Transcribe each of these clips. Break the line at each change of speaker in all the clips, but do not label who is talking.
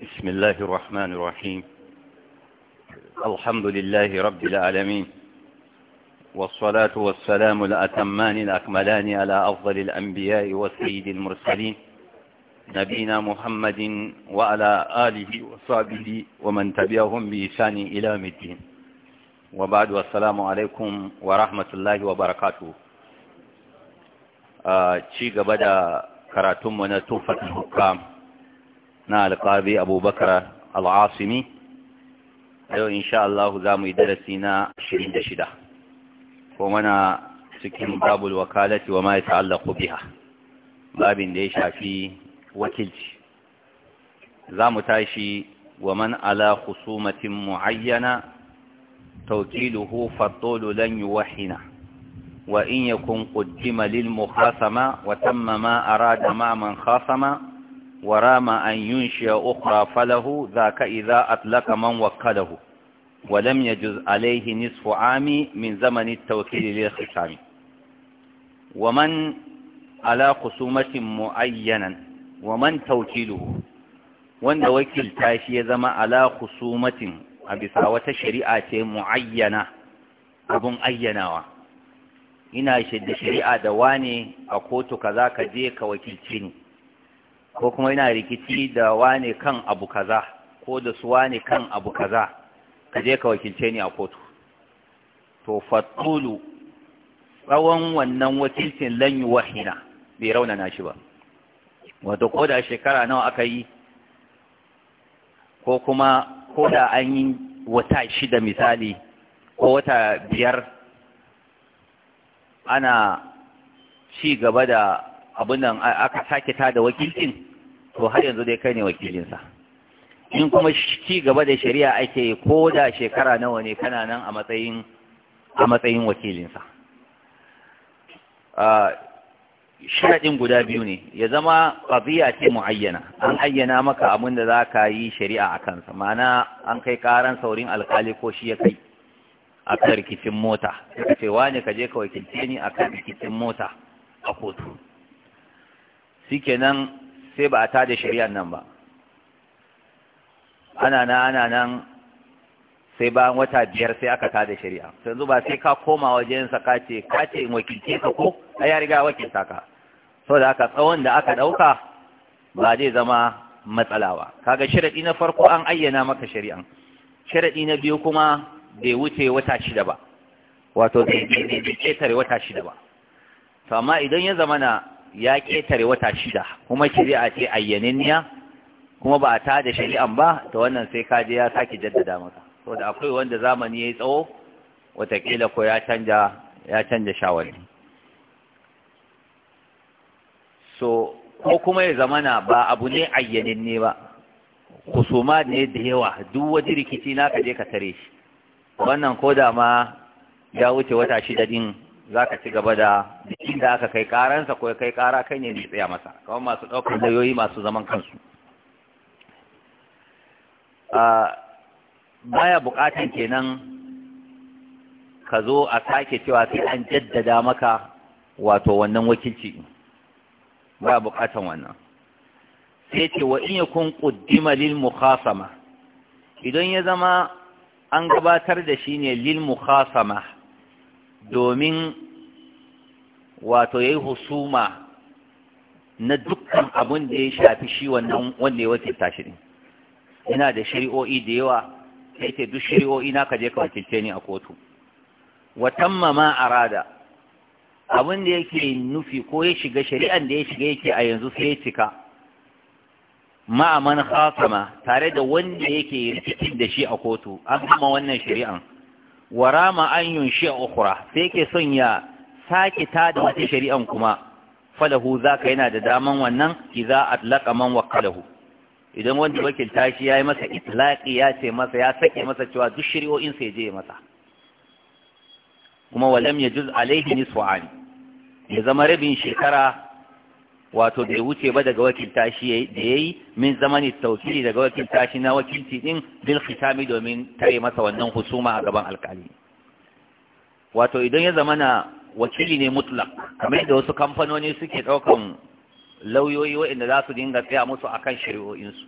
بسم الله الرحمن الرحيم الحمد لله رب العالمين والصلاة والسلام الأتمان الأكملان على أفضل الأنبياء وسيد المرسلين نبينا محمد وعلى آله وصحبه ومن تبعهم بإحسان إلى الدين وبعد والسلام عليكم ورحمة الله وبركاته آه، شيء بدأ كراتم ونتوفة الحكام na alƙabi abubakar al'asimi yau insha Allah za mu yi darasi na 26 ko mana cikin babul wakalati wa ma ya ta'allaku biha babin da ya shafi wakilci za mu tashi wa man ala khusumatin muayyana توكيله فالطول لن يوحنا وإن يكن wa للمخاصمة ma ما أراد ma من خاصم wara ma an yun falahu za ka iza atlaka man wakadahu walam ya juz alaihi nisfu ami min zamani tawakili lil khitami wa man ala khusumatin muayyanan wa man tawkiluhu wanda wakilta shi ya zama ala khusumatin a bisa wata shari'a ce muayyana abun ayyanawa ina shaidda shari'a da wane a kotu kaza ka je ka wakilci ni ko kuma yana rikici da wane kan abu kaza ko da su wane kan abu kaza ka je ka wakilce ni a kotu to fatulu tsawon wannan wakilcin lanyu wahina bai na shi ba wato ko da shekara nawa aka yi ko kuma ko da an yi wata shida misali ko wata biyar ana ci gaba da abin nan aka sake ta da wakilcin to har yanzu dai kai ne wakilinsa in kuma ci gaba da shari'a ake ko da shekara nawa ne kana nan a matsayin wakilinsa ah, sharaɗin guda biyu ne ya zama ƙabiya ce ayyana. an ayyana maka abin da za ka yi shari'a a kansa mana an kai ƙaran saurin alƙali ko shi ya kai a kan rikicin mota suka ce wane ka je ka wakilce ni a kan rikicin mota a kotu nan sai ba a tada shari'ar nan ba ana na ana nan sai bayan wata biyar sai aka tada shari'a yanzu ba sai ka koma wajensa ka ce ka ce in wakilce ka ko a ya riga wakilta ka saboda haka tsawon da aka ɗauka ba zai zama matsala ba kaga sharaɗi na farko an ayyana maka shari'an sharaɗi na biyu kuma bai wuce wata shida ba wato bai ƙetare wata shida ba to amma idan ya zama na ya ƙetare wata shida kuma shari'a ce ayyaninniya kuma ba a da shari'an ba ta wannan sai kaje ya sake jaddada maka da akwai wanda zamani ya yi tsawo watakila ko ya canja ya so ko kuma ya zamana ba abu ne ayyaninni ba kusuma ne da yawa duk wani rikici na kaje ka tare shi wannan ko da ma ya wuce wata shida din za ka ci gaba da jikin da aka kai karansa ko kai kara kai ne tsaya masa kawai masu ɗaukar dayoyi masu zaman kansu baya buƙatan kenan ka zo a sake cewa sai an jaddada maka wato wannan wakilci baya buƙatan wannan sai ce wa in kun ƙuddima lil mukhasama idan ya zama an gabatar da shi ne lil mukhasama domin wato yayi husuma na dukkan abin da ya shafi shi wannan wanda ya wakilta shi ne ina da shari'o'i da yawa sai ke duk shari'o'i na kaje ka wakilce ni a kotu wa mama arada abin da yake nufi ko ya shiga shari'an da ya shiga yake a yanzu sai cika ma'a man khasama tare da wanda yake rikicin da shi a kotu an kuma wannan shari'an wa rama an yunshi ukura sai yake son ya sake ta da wata shari'an kuma falahu zaka yana da daman wannan idza atlaqa man wakalahu idan wanda tashi ya yi masa itlaqi ya ce masa ya sake masa cewa duk shari'o'in sai je masa kuma walam yajuz alaihi nisfu an ya zama rabin shekara wato bai wuce ba daga wakil tashi da ya yi min zamanin tausiri daga wakil tashi na wakilci din bil khitami domin tare masa wannan husuma a gaban alkali wato idan ya zama na wakili ne mutlak kamar da wasu kamfanoni suke ɗaukan lauyoyi waɗanda za su dinga tsaya musu akan shari'o'insu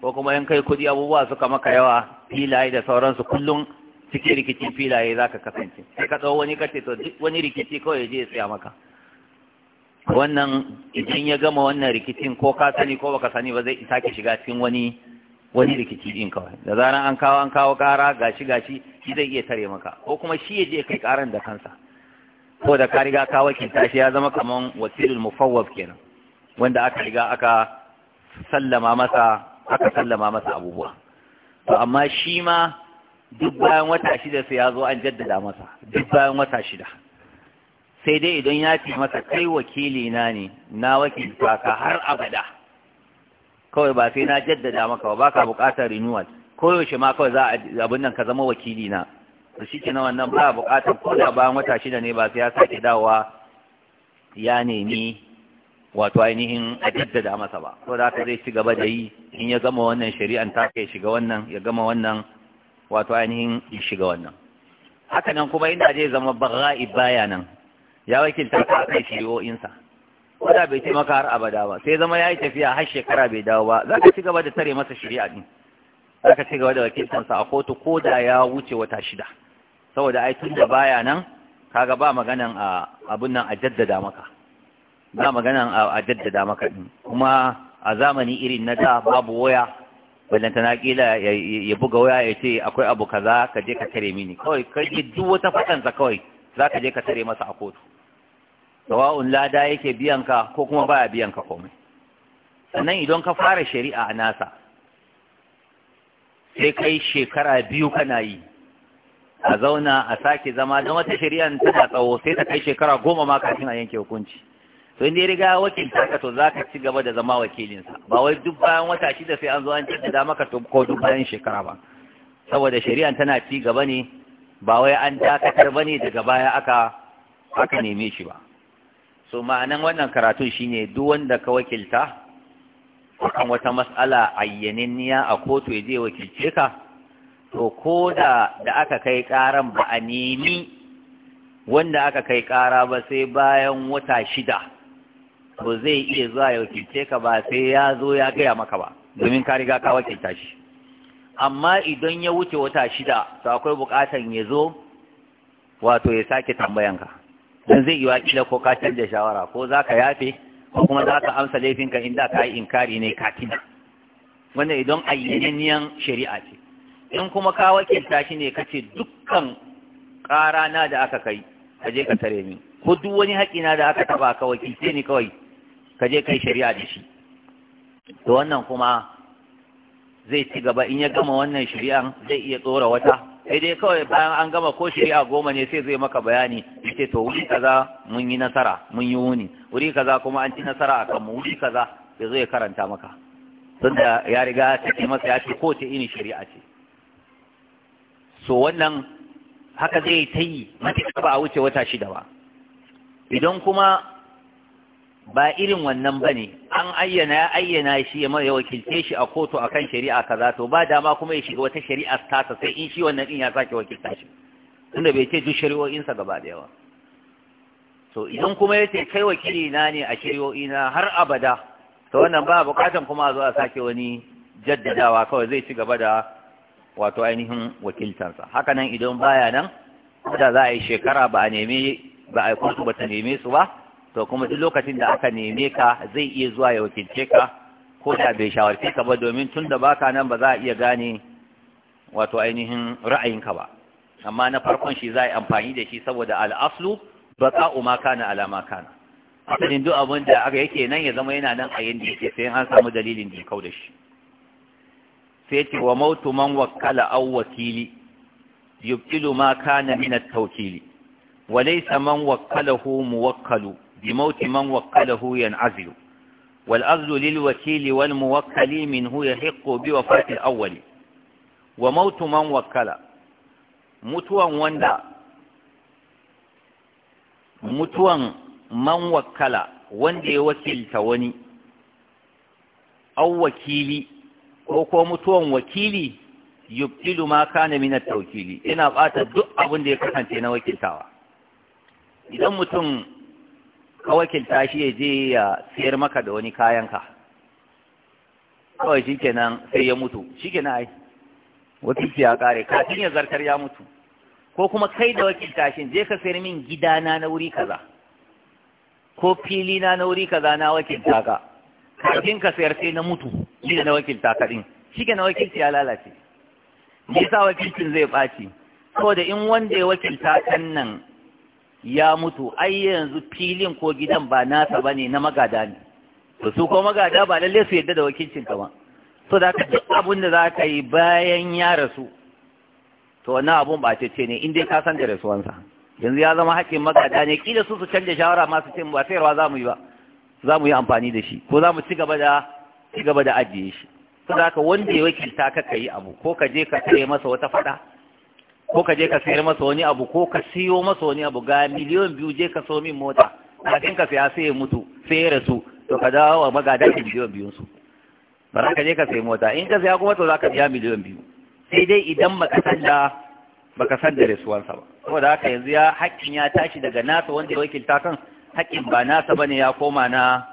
ko kuma yan kai kudi abubuwa suka maka yawa filaye da sauransu kullum cikin rikicin filaye za ka kasance sai ka tsawo wani kace to wani rikici kawai je ya tsaya maka wannan idan ya gama wannan rikicin ko ka sani ko baka sani ba zai ki shiga cikin wani wani rikici din kawai da zaran an kawo an kawo kara gashi gashi shi zai iya tare maka ko kuma shi ya je kai karan da kansa ko da ka riga ka wakilta shi ya zama kaman wasilul mufawwab kenan wanda aka riga aka sallama masa aka sallama masa abubuwa to amma shi ma duk bayan wata shida sai ya zo an jaddada masa duk bayan wata shida sai dai idan ya ce masa kai wakili na ne na wakilta ka har abada kawai ba sai na jaddada maka ba baka buƙatar renewal koyaushe ma kawai za a abin nan ka zama wakili na to ke na wannan ba a buƙatar ko da bayan wata shida ne ba sai ya sake dawowa ya nemi wato ainihin a jaddada masa ba Ko da haka zai ci gaba da yi in ya gama wannan shari'an ta ka shiga wannan ya gama wannan wato ainihin ya shiga wannan haka nan kuma inda zai zama bara'i baya nan ya wakilta ka a kan shari'o'insa wanda bai taimaka maka har abada ba sai zama ya yi tafiya har shekara bai dawo ba za ka ci gaba da tare masa shari'a ɗin za ka ci gaba da wakiltansa a kotu ko da ya wuce wata shida saboda ai tun da baya nan kaga ba maganan a abun nan a jaddada maka ba maganan a jaddada maka din kuma a zamani irin na da babu waya ballanta na kila ya buga waya ya ce akwai abu kaza ka je ka tare mini kawai kai duk wata fatansa kawai za ka je ka tare masa a kotu sawa'un lada yake biyan ka ko kuma baya biyan ka komai sannan idan ka fara shari'a a nasa sai kai shekara biyu kana yi a zauna a sake zama don wata shari'a tana tsawo sai ta kai shekara goma ma kafin a yanke hukunci to inda ya riga wakilta ka to za ka ci gaba da zama wakilinsa ba wai duk bayan wata shida sai an zo an da maka to ko duk bayan shekara ba saboda shari'a tana ci gaba ne ba wai an dakatar ba ne daga baya aka aka neme shi ba so ma'anan wannan karatun shine duk wanda ka wakilta kan wata mas'ala ayyaninniya a kotu ya je wakilce ka to ko da da aka kai karan ba a nemi wanda aka kai kara ba sai bayan wata shida to zai iya zuwa ya wakilce ka ba sai ya zo ya gaya maka ba domin ka riga ka wakilta shi amma idan ya wuce wata shida to akwai bukatan ya zo wato ya sake tambayanka dan zai yiwa kila ko ka canza shawara ko za ka yafe ko kuma za ka amsa laifinka in da ka yi inkari ne ka tina wanda idan ayyananniyan shari'a ce in kuma ka wakilta shi ne kace dukkan ƙara na da aka kai ka je ka tare ni ko duk wani na da aka taba ka wakilce ni kawai ka kai shari'a da shi to wannan kuma zai ci gaba in ya gama wannan shari'an zai iya tsora wata sai dai kawai bayan an gama ko shari'a goma ne sai zai maka bayani ce to wuri kaza mun yi nasara mun yi wuni wuri kaza kuma an ci nasara a kanmu wuri kaza ya zo ya karanta maka da ya riga ce masa ya ce kowace ini shari'a ce so wannan haka zai ta yi matuƙa ba a wuce wata shida ba idan kuma ba irin wannan ba ne an ayyana ya ayyana shi ya mai wakilce shi a kotu akan shari'a kaza to ba dama kuma ya shiga wata shari'a ta tasa sai in shi wannan din ya sake wakilta shi tunda bai ce duk shari'o'insa gaba da yawa to idan kuma ya ce kai wakili na ne a shari'o'ina har abada to wannan ba bukatan kuma a zo a sake wani jaddadawa kawai zai ci gaba da wato ainihin wakiltansa haka nan idan baya nan da za a yi shekara ba a neme, ba a kotu ba ta neme su ba to kuma duk lokacin da aka neme ka zai iya zuwa ya wakilce ka ko da bai shawarce ka ba domin tun da baka nan ba za a iya gane wato ainihin ra'ayinka ba amma na farkon shi za a yi amfani da shi saboda al'aslu ka ma kana alama kana asalin duk abin da aka yake nan ya zama yana nan a yin dike sai an samu dalilin da kau da shi sai ce wa mautu man wakkala aw wakili yubtilu ma kana min at-tawkili wa laysa man wakalahu muwakkalu بموت من وكله ينعزل والأذل للوكيل والموكل منه يحق بوفاة الأول وموت من وكل متوا وندا متوا من وكل wanda ya wakilta wani au wakili ko ko mutuwan wakili yubtilu ma kana min at-tawkili ina bata duk abunda ya kasance na wakiltawa idan mutum ka tashi ya je ya sayar maka da wani kayanka kawai shi kenan sai ya mutu shi kenan ai wakilci ya kare kafin ya zartar ya mutu ko kuma kai da wakil tashin je ka sayar min gidana na wuri kaza ko filina na wuri kaza na wakilta ka kafin ka sayar sai na mutu shi da na wakilta ka din shi na wakilci ya lalace me yasa wakilcin zai ɓaci saboda in wanda ya wakilta kan nan ya mutu ai yanzu filin ko gidan ba nasa ba ne na magada ne to su ko magada ba lalle su yadda da wakilcin ka ba so da ka duk abin da za ka yi bayan ya rasu to wannan abun ba ce ne in dai ka san da rasuwansa yanzu ya zama haƙƙin magada ne kila su su canja shawara masu su ba sayarwa za mu yi ba za mu yi amfani da shi ko za mu ci gaba da ci gaba da ajiye shi saboda wanda ya wakilta ka ka yi abu ko ka je ka kai masa wata faɗa ko ka je ka sayar masa wani abu ko ka siyo masa wani abu ga miliyon biyu je ka so min mota kafin ka saya sai ya mutu sai ya rasu to ka dawo wa magada ki miliyon biyun su ba ka je ka sayi mota in ka saya kuma to za ka biya miliyon biyu sai dai idan ka san da baka san da rasuwansa ba saboda haka yanzu ya haƙƙin ya tashi daga nasa wanda ya wakilta kan haƙƙin ba nasa bane ya koma na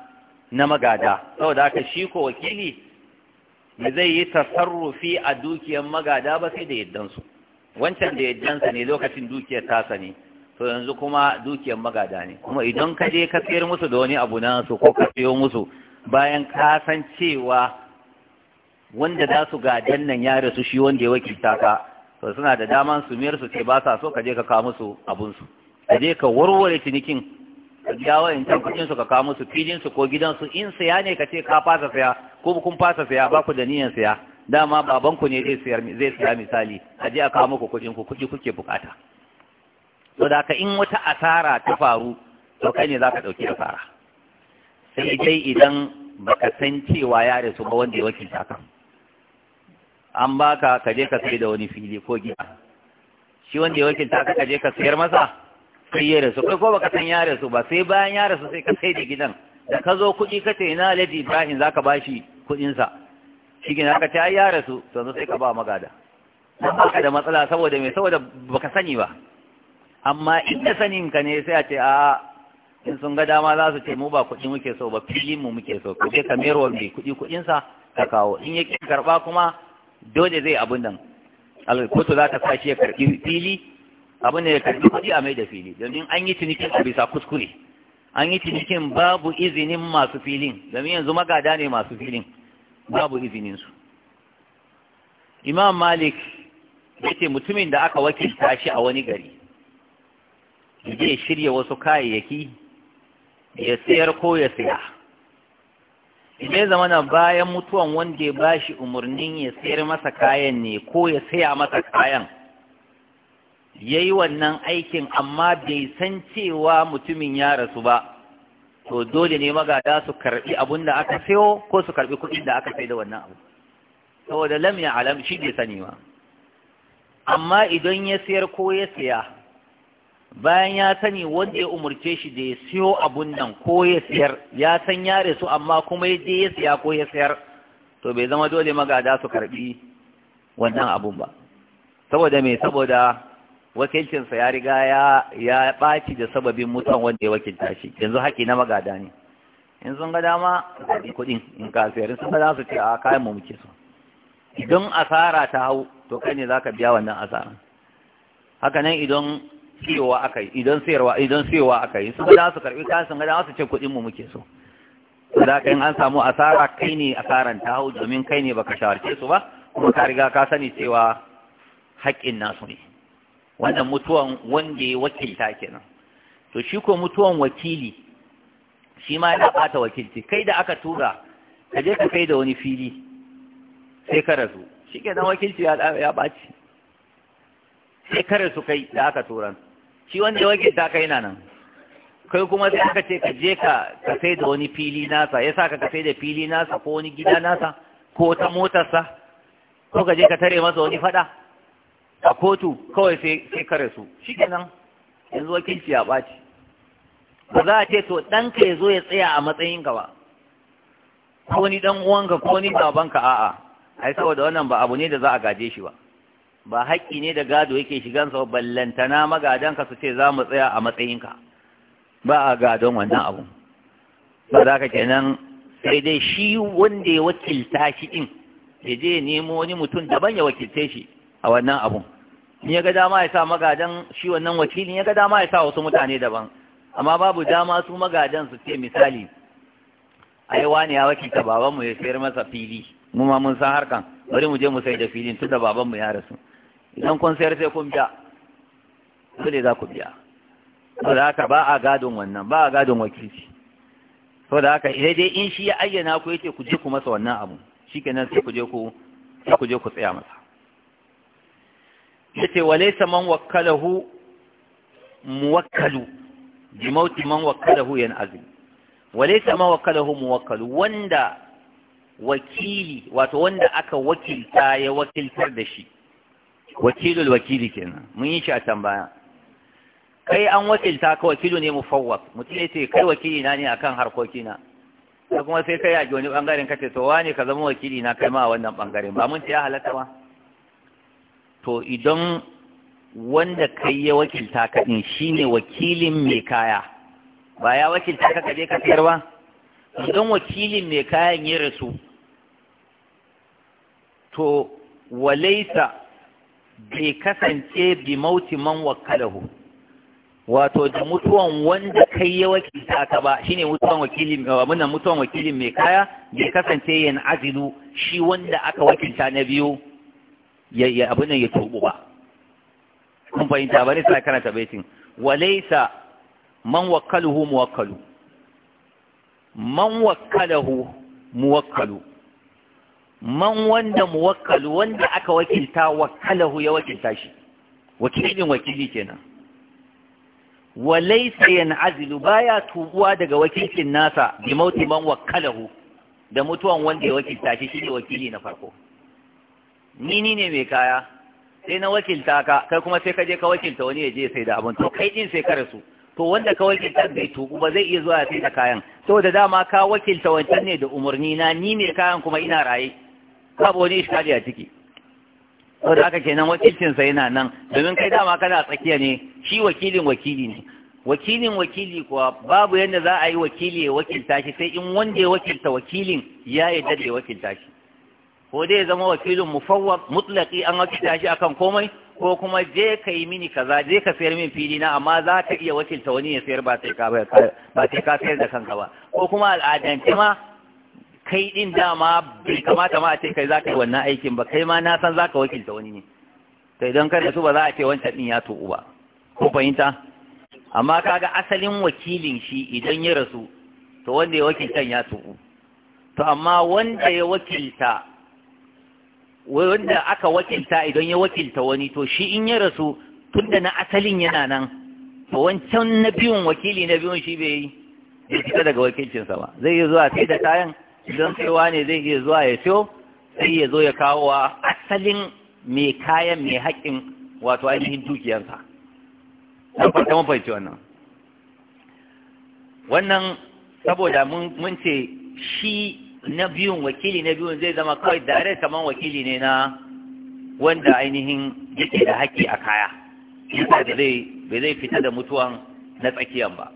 na magada saboda haka shi ko wakili ne zai yi tasarrufi a dukiyar magada ba sai da yaddansu wancan da yajjansa ne lokacin dukiyar tasa ne to yanzu kuma dukiyar magada ne kuma idan ka je ka sayar musu da wani abu na su ko ka sayo musu bayan ka san cewa wanda za su gadan nan ya rasu shi wanda ya waki taka. to suna da daman su miyar su ce ba sa so ka je ka kawo musu abun su ka je ka warware cinikin ka biya in can kuɗin su ka kawo musu filin su ko gidansu. in saya ne ka ce ka fasa saya ko kun fasa saya ba ku da niyan saya dama babanku ne zai siya zai misali a je a kawo muku kuɗin ku kuɗi kuke bukata to da ka in wata asara ta faru to kai ne za ka ɗauki asara sai dai idan baka san cewa ya rasu ba wanda ya wakilta kan an baka ka je ka sai da wani fili ko gida shi wanda ya wakilta ka je ka sayar masa sai ya rasu kai ko baka san ya rasu ba sai bayan ya rasu sai ka sai da gidan da ka zo kuɗi ka ce ina Ladi Ibrahim zaka bashi kuɗin sa Cikin haka ta yi ya rasu sannan sai ka ba magada don baka da matsala saboda mai saboda baka sani ba amma inda sanin ka ne sai a ce a in sun ga dama za su ce mu ba kuɗi muke so ba filin mu muke so kuɗi ka mayar wa mai kuɗi kuɗinsa ka kawo in yake karɓa kuma dole zai abin nan alkotu za ta sashi ya fili abin da ya karɓi kuɗi a mai da fili domin an yi cinikin a bisa kuskure an yi cinikin babu izinin masu filin domin yanzu magada ne masu filin babu izinin su imam malik yace mutumin da aka wakilta shi a wani gari zai shirya wasu kayayyaki ya sayar ko ya saya idan zama na bayan mutuwan wanda ya bashi umarnin ya sayar masa kayan ne ko ya saya masa kayan ya yi wannan aikin amma bai san cewa mutumin ya rasu ba to dole ne magada su karbi abun da aka sayo ko su karbi kuɗin da aka sai da wannan abu saboda lam ya alam shi bai sani ba amma idan ya sayar ko ya saya bayan ya sani wanda ya umurce shi da ya siyo abun nan ko ya sayar ya san ya rasu amma kuma ya je ya saya ko ya sayar to bai zama dole magada su karbi wannan abun ba saboda me saboda wakilcinsa ya riga ya ɓaci da sababin mutan wanda ya wakilta shi yanzu haƙi na magada ne in sun ga dama zaɓi kuɗin in ka sayar sun ga su ce a kayan mu muke so idan asara ta hau to kai ne za ka biya wannan asara haka nan idan siyowa aka yi idan sayarwa idan siyowa aka yi sun ga dama su karɓi kayan sun ga dama su ce kuɗin mu muke so da kai an samu asara kai ne asaran ta hau domin kai ne baka shawarce su ba kuma ka riga ka sani cewa haƙƙin nasu ne wannan mutuwan wanda ya wakilta kenan to shi ko mutuwan wakili shi ma yana bata wakilci kai da aka tura ka je ka kai da wani fili sai ka rasu shi kenan wakilci ya ɓaci sai ka rasu kai da aka tura shi wanda ya wakilta kai na nan kai kuma sai aka ce ka je ka ka da wani fili nasa ya sa ka ka da fili nasa ko wani gida nasa ko ta motarsa ko ka je ka tare masa wani fada a kotu kawai sai ka rasu shi kenan yanzu wakilci ya ɓaci ba za a ce to ɗanka ya zo ya tsaya a matsayin ba ko ni ɗan uwanka ko ni babanka a'a ai saboda wannan ba abu ne da za a gaje shi ba ba haƙƙi ne da gado yake sa ballantana magadanka su ce za mu tsaya a matsayinka ba a gadon wannan abu ba za ka kenan sai dai shi wanda ya wakilta shi ɗin ya je nemo wani mutum daban ya wakilce shi a wannan abun in ya ga dama ya sa magadan shi wannan wakilin ya ga dama ya sa wasu mutane daban amma babu dama su magadan su ce misali ai wani ya wakilta babanmu ya sayar masa fili mu ma mun san harkan bari mu je mu sai da filin tun da babanmu ya rasu idan kun sayar sai kun biya dole za ku biya saboda haka ba a gadon wannan ba a gadon wakilci saboda haka idan dai in shi ya ayyana ku ce ku je ku masa wannan abu shikenan sai ku je ku sai ku je ku tsaya masa yace walaysa man wakkalahu muwakkalu bi mauti man wakkalahu yanazim walaysa man wakkalahu muwakkalu wanda wakili wato wanda aka wakilta ya wakiltar da shi wakilul wakili kenan mun yi shi a tambaya kai an wakilta ka wakilu ne mufawwaf mutum yace kai wakili na ne akan harkoki na kuma sai kai a wani bangaren kace to wani ka zama wakili na kai ma a wannan bangaren ba mun ta ya halatta ba to idan wanda kai ya wakilta ka din shine wakilin mai kaya ba ya wakilta ka kaje ka sayar ba idan wakilin mai kayan ya rasu to walaisa bai kasance bi mauti man wakalahu wato da mutuwan wanda kai ya wakilta ka ba shine mutuwan wakilin mutuwan wakilin mai kaya bai kasance yin azilu shi wanda aka wakilta na biyu ya abu nan ya tubu ba kun fahimta bane sai karanta baitin walaysa man wakkaluhu muwakkalu man wakkalahu muwakkalu man wanda muwakkalu wanda aka wakilta wakkalahu ya wakilta shi wakilin wakili kenan walaysa yan'azilu baya tubuwa daga wakilcin nasa bi mautin man wakkalahu da mutuwan wanda ya wakilta shi shi wakili na farko ni ni ne mai kaya sai na wakilta ka kai kuma sai ka je ka wakilta wani ya je sai da abin to kai din sai ka rasu to wanda ka wakilta bai tuku ba zai iya zuwa sai da kayan saboda dama ka wakilta wancan ne da umarni na ni mai kayan kuma ina raye babu wani iskali a ciki saboda aka kenan wakilcin sa yana nan domin kai dama kana tsakiya ne shi wakilin wakili ne wakilin wakili kuwa babu yadda za a yi wakili ya wakilta shi sai in wanda ya wakilta wakilin ya yarda da ya wakilta shi ko dai zama wakilin mufawwad mutlaqi an wakilta shi akan komai ko kuma je ka yi mini kaza je ka sayar min fili na amma za ka iya wakilta wani ya sayar ba sai ka ba sai ka sayar da kanka ba ko kuma al'adance ma kai din dama bai kamata ma a ce kai za ka yi wannan aikin ba kai ma na san za ka wakilta wani ne to idan ka su ba za a ce wancan din ya tuku ba ko fahimta amma kaga asalin wakilin shi idan ya rasu to wanda ya wakilta ya tuku to amma wanda ya wakilta wanda aka wakilta idan ya wakilta wani to shi in ya rasu tun da na asalin yana nan to wancan na biyun wakili na biyun shi bai yi fita daga wakilcinsa ba zai iya zuwa sai da kayan idan saiwa ne zai iya zuwa ya siyo sai ya zo ya kawo wa asalin mai kayan mai haƙƙin wato ainihin dukiyarsa an wannan wannan saboda mun ce shi na biyun wakili na biyun zai zama kawai dare kamar wakili ne na wanda ainihin yake da haƙƙi a kaya yasa da zai bai zai fita da mutuwan na tsakiyan ba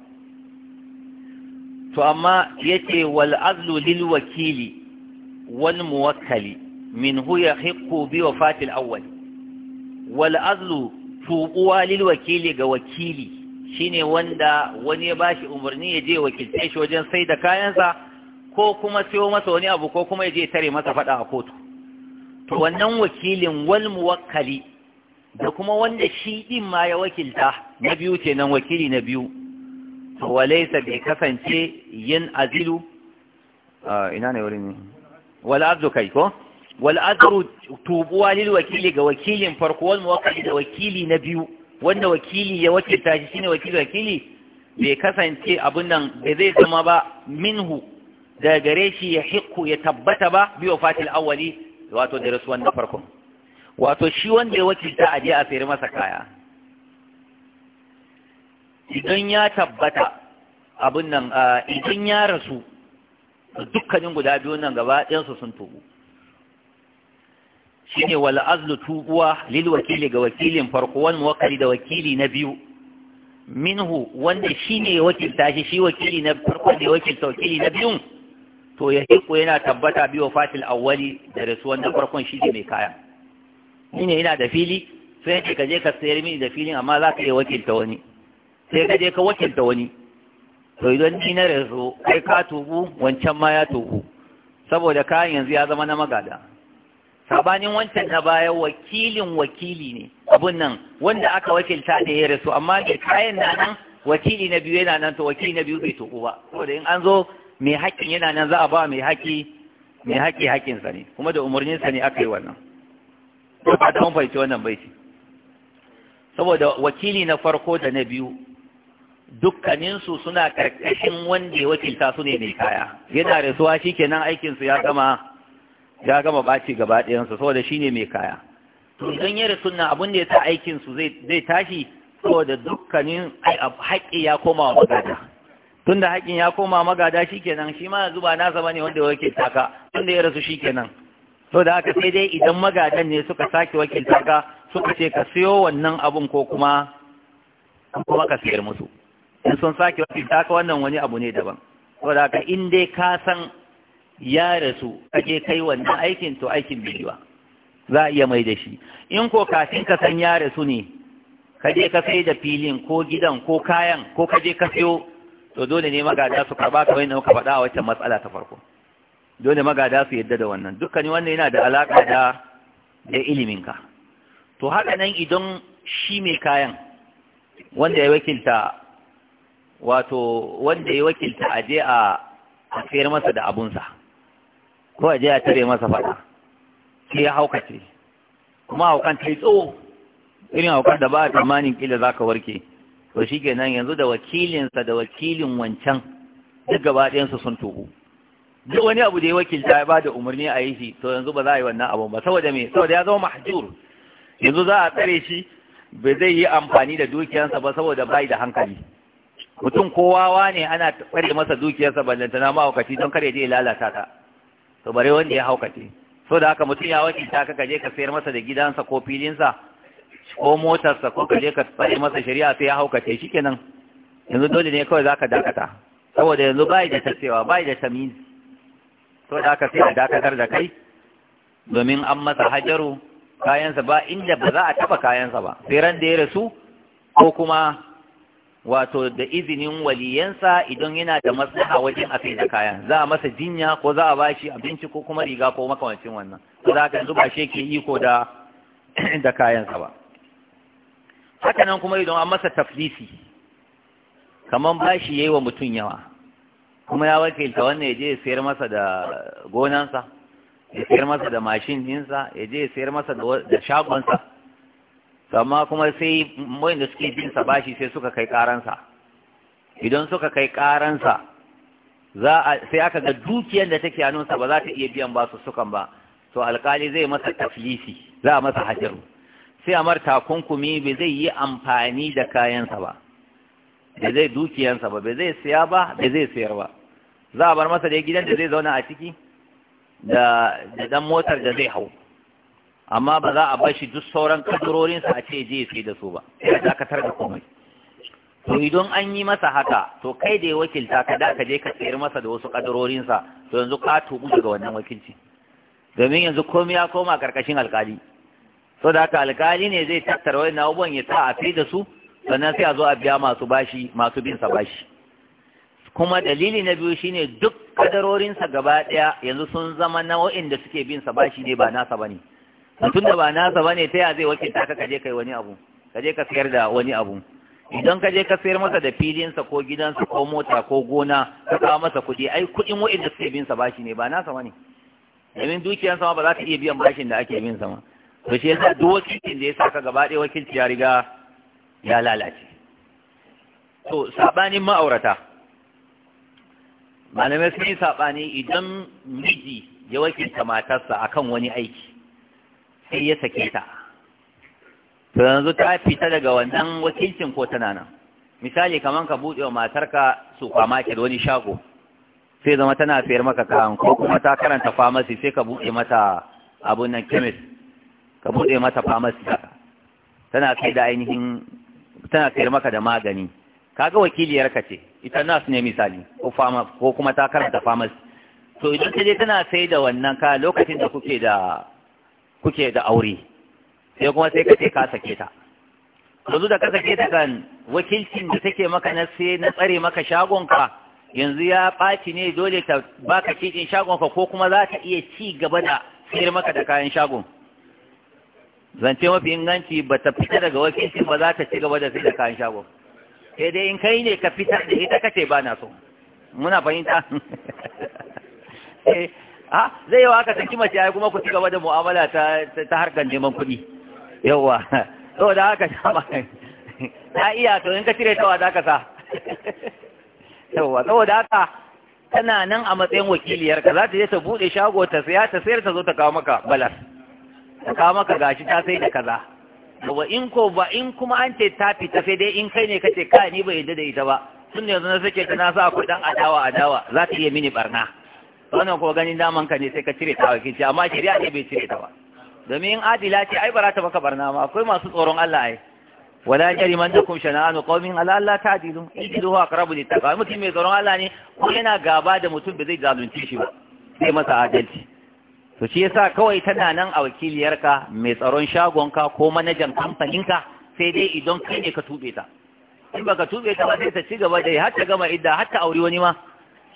to amma yace wal azlu lil wakili wal muwakkali min hu yahiqqu bi wafati al awwal wal azlu tubuwa lil wakili ga wakili shine wanda wani ya bashi umarni ya je wakilce shi wajen sai da kayansa ko kuma siyo masa wani abu ko kuma ya je tare masa faɗa a kotu to wannan wakilin wal muwakkali da kuma wanda shi din ma ya wakilta na biyu kenan wakili na biyu to walaysa bai kasance yin azilu ina ne wurin wal azu kai ko wal azru tubuwa lil wakili ga wakilin farko wal muwakkali da wakili na biyu wanda wakili ya wakilta shi shine wakili wakili bai kasance abun nan bai zai zama ba minhu Da gare shi ya hiqu ya tabbata ba biyo fatil awwali wato da rasuwan na farkon wato shi wanda ya wakilta a je a sayar masa kaya idan ya tabbata abin nan idan ya rasu dukkanin guda biyu nan gaba ɗayansu sun tubu shine wal azlu tubuwa lil wakili ga wakilin farko wal muwakkali da wakili na biyu minhu wanda shine wakilta shi shi wakili na farko da wakilta wakili na biyun to ya hiku yana tabbata biyo fatil awwali da rasuwan na farkon shi mai kaya ni ne yana da fili sai ka je ka sayar mini da filin amma za ka iya wakilta wani sai ka je ka wakilta wani to idan ni na rasu kai ka tubu wancan ma ya tubu saboda kayan yanzu ya zama na magada sabanin wancan na baya wakilin wakili ne abun nan wanda aka wakilta da ya rasu amma mai kayan na nan wakili na biyu yana nan to wakili na biyu bai tubu ba saboda in an zo mai haƙƙin yana nan za a ba mai haƙƙi mai haƙƙi haƙƙinsa ne kuma da umarninsa ne aka yi wannan ba ta fahimci wannan baiti saboda wakili na farko da na biyu dukkaninsu suna karkashin wanda ya wakilta su ne mai kaya yana rasuwa kenan aikinsu ya gama ya gama ɓaci gaba ɗayansu saboda shi ne mai kaya to idan ya rasu na abin da ya aikin aikinsu zai tashi saboda dukkanin haƙƙi ya koma wa magada tunda haƙin ya koma magada shikenan shi ma yanzu ba nasa bane wanda yake taka tunda ya rasu shikenan to da haka sai dai idan magadan ne suka sake wakilta ka suka ce ka siyo wannan abun ko kuma kuma ka siyar musu in sun sake wakilta ka wannan wani abu ne daban to da haka in dai ka san ya rasu kaje kai wannan aikin to aikin bidiwa za a iya mai da shi in ko kafin ka san ya rasu ne kaje ka sai da filin ko gidan ko kayan ko kaje ka siyo to dole ne magada su karba kamar wani nauka faɗa a waccan matsala ta farko dole magada su yadda da wannan dukkan wannan yana da alaƙa da da iliminka to haka nan idan shi mai kayan wanda ya wakilta wato wanda ya wakilta a je a sayar masa da abunsa ko a je a tare masa faɗa sai ya haukace kuma haukan ta yi tso irin haukar da ba a tamanin kila za ka warke to shi kenan yanzu da wakilinsa da wakilin wancan duk gaba ɗayansu sun tuhu duk wani abu da ya wakilta ya bada umarni a yi shi to yanzu ba za a yi wannan abun ba saboda me saboda ya zama mahjur yanzu za a tsare shi ba zai yi amfani da dukiyansa ba saboda bai da hankali mutum kowa ne ana tsare masa dukiyarsa ballantana ma haukaci don kare je lalata ta to bare wanda ya haukace so da haka mutum ya wakilta ka kaje ka sayar masa da gidansa ko filinsa ko motarsa ko ka je ka tsare masa shari'a sai ya haukace shi kenan yanzu dole ne kawai zaka dakata saboda yanzu bai da tasewa bai da tamiz to da ka sai a dakatar da kai domin an masa hajaru kayansa ba inda ba za a taba kayansa ba sai ran da ya rasu ko kuma wato da izinin waliyansa idan yana da maslaha wajen a da kayan za a masa jinya ko za a bashi abinci ko kuma riga ko makamancin wannan to da yanzu ba shi ke iko da da kayansa ba haka nan kuma idan an masa taflisi kamar bashi yayi wa mutum yawa kuma ya ta wannan ya ya sayar masa da gonansa ya sayar masa da mashin ɗinsa ya je ya sayar masa da shagonsa amma kuma sai da suke sa bashi sai suka kai ƙaransa idan suka kai ƙaransa za sai aka ga dukiyar da take hannunsa ba za ta iya biyan ba su sukan ba to alkali zai masa taflisi za a masa hajaru sai a marta takunkumi bai zai yi amfani da kayansa ba bai zai dukiyansa ba bai zai siya ba bai zai sayar ba za a bar masa da gidan da zai zauna a ciki da dan motar da zai hau amma ba za a bar shi duk sauran kadurorinsa a ce je sai da su ba ya dakatar da komai to idan an yi masa haka to kai da ya wakilta ka da ka je ka tsayar masa da wasu kadurorinsa to yanzu ka tubu daga wannan wakilci domin yanzu komai ya koma karkashin alkali so da haka alkali ne zai tattara wani abubuwan ya sa a fi da su sannan sai a zo a biya masu bashi masu bin sa bashi kuma dalili na biyu shine duk kadarorinsa gaba ɗaya yanzu sun zama na wa'inda suke bin sa bashi ne ba nasa bane mutum da ba nasa bane ta ya zai wakilta ka kaje kai wani abu kaje ka sayar da wani abu idan ka je ka sayar masa da filinsa ko gidansa ko mota ko gona ka kawo masa kuɗi ai kuɗin wa'inda suke bin sa bashi ne ba nasa bane domin dukiyansa ma ba za ta iya biyan bashin da ake bin sa ma to shi yasa duk wakilcin da ya saka gaba ɗaya wakilci ya riga ya lalace to sabanin ma'aurata malamai sun yi saɓani idan miji ya wakilta matarsa a kan wani aiki sai ya sake ta to yanzu ta fita daga wannan wakilcin ko tana nan misali kamar ka buɗe wa matarka supermarket wani shago sai zama tana sayar maka kayan ko kuma ta karanta famasi sai ka buɗe mata abun nan chemist ka buɗe mata famasiya tana kai da ainihin tana sayar maka da magani kaga wakiliyar ka ce ita su ne misali ko fama ko kuma ta karanta famasi to idan ta je tana sai da wannan ka lokacin da kuke da kuke da aure sai kuma sai ka ce ka sake ta yanzu da ka sake ta kan wakilcin da take maka na sai na tsare maka shagonka yanzu ya ɓaci ne dole ta baka cikin ka ko kuma za ta iya ci gaba da sayar maka da kayan shagon zance mafi inganci ba ta fita daga wakilcin ba za ta ci gaba da fi da kayan shago sai dai in kai ne ka fita da ita kace ba na so muna fahimta ha eh, zai yawa aka saki mace ai kuma ku ci gaba da mu'amala ta ta harkar neman kuɗi yawa saboda haka shama na iya to in ka cire ta wa za ka sa yawa saboda haka tana nan a matsayin wakiliyarka za ta je ta buɗe shago ta siya ta sayar ta zo ta kawo maka balas ta kawo maka gashi ta sai da kaza yawa in ko ba in kuma an ce ta fita sai dai in kai ne kace kai ni ba yadda da ita ba tun yanzu na sake ta na sa ku dan adawa adawa za ta iya mini barna wannan ko ganin daman ka ne sai ka cire ta wakilci amma shari'a ne bai cire ta ba domin in adila ce ai ba ta maka barna ma akwai masu tsoron Allah ai wala jarimannakum shana'anu qawmin ala alla ta'dilu ijidu aqrabu littaqwa mutum mai tsoron Allah ne ko yana gaba da mutum ba zai zalunci shi ba sai masa adalci to shi yasa kawai tana nan a wakiliyarka mai tsaron shagonka ko manajan kamfaninka sai dai idan kai ne ka tube ta in baka tube ta ba sai ta ci gaba da har ta gama idda har ta auri wani ma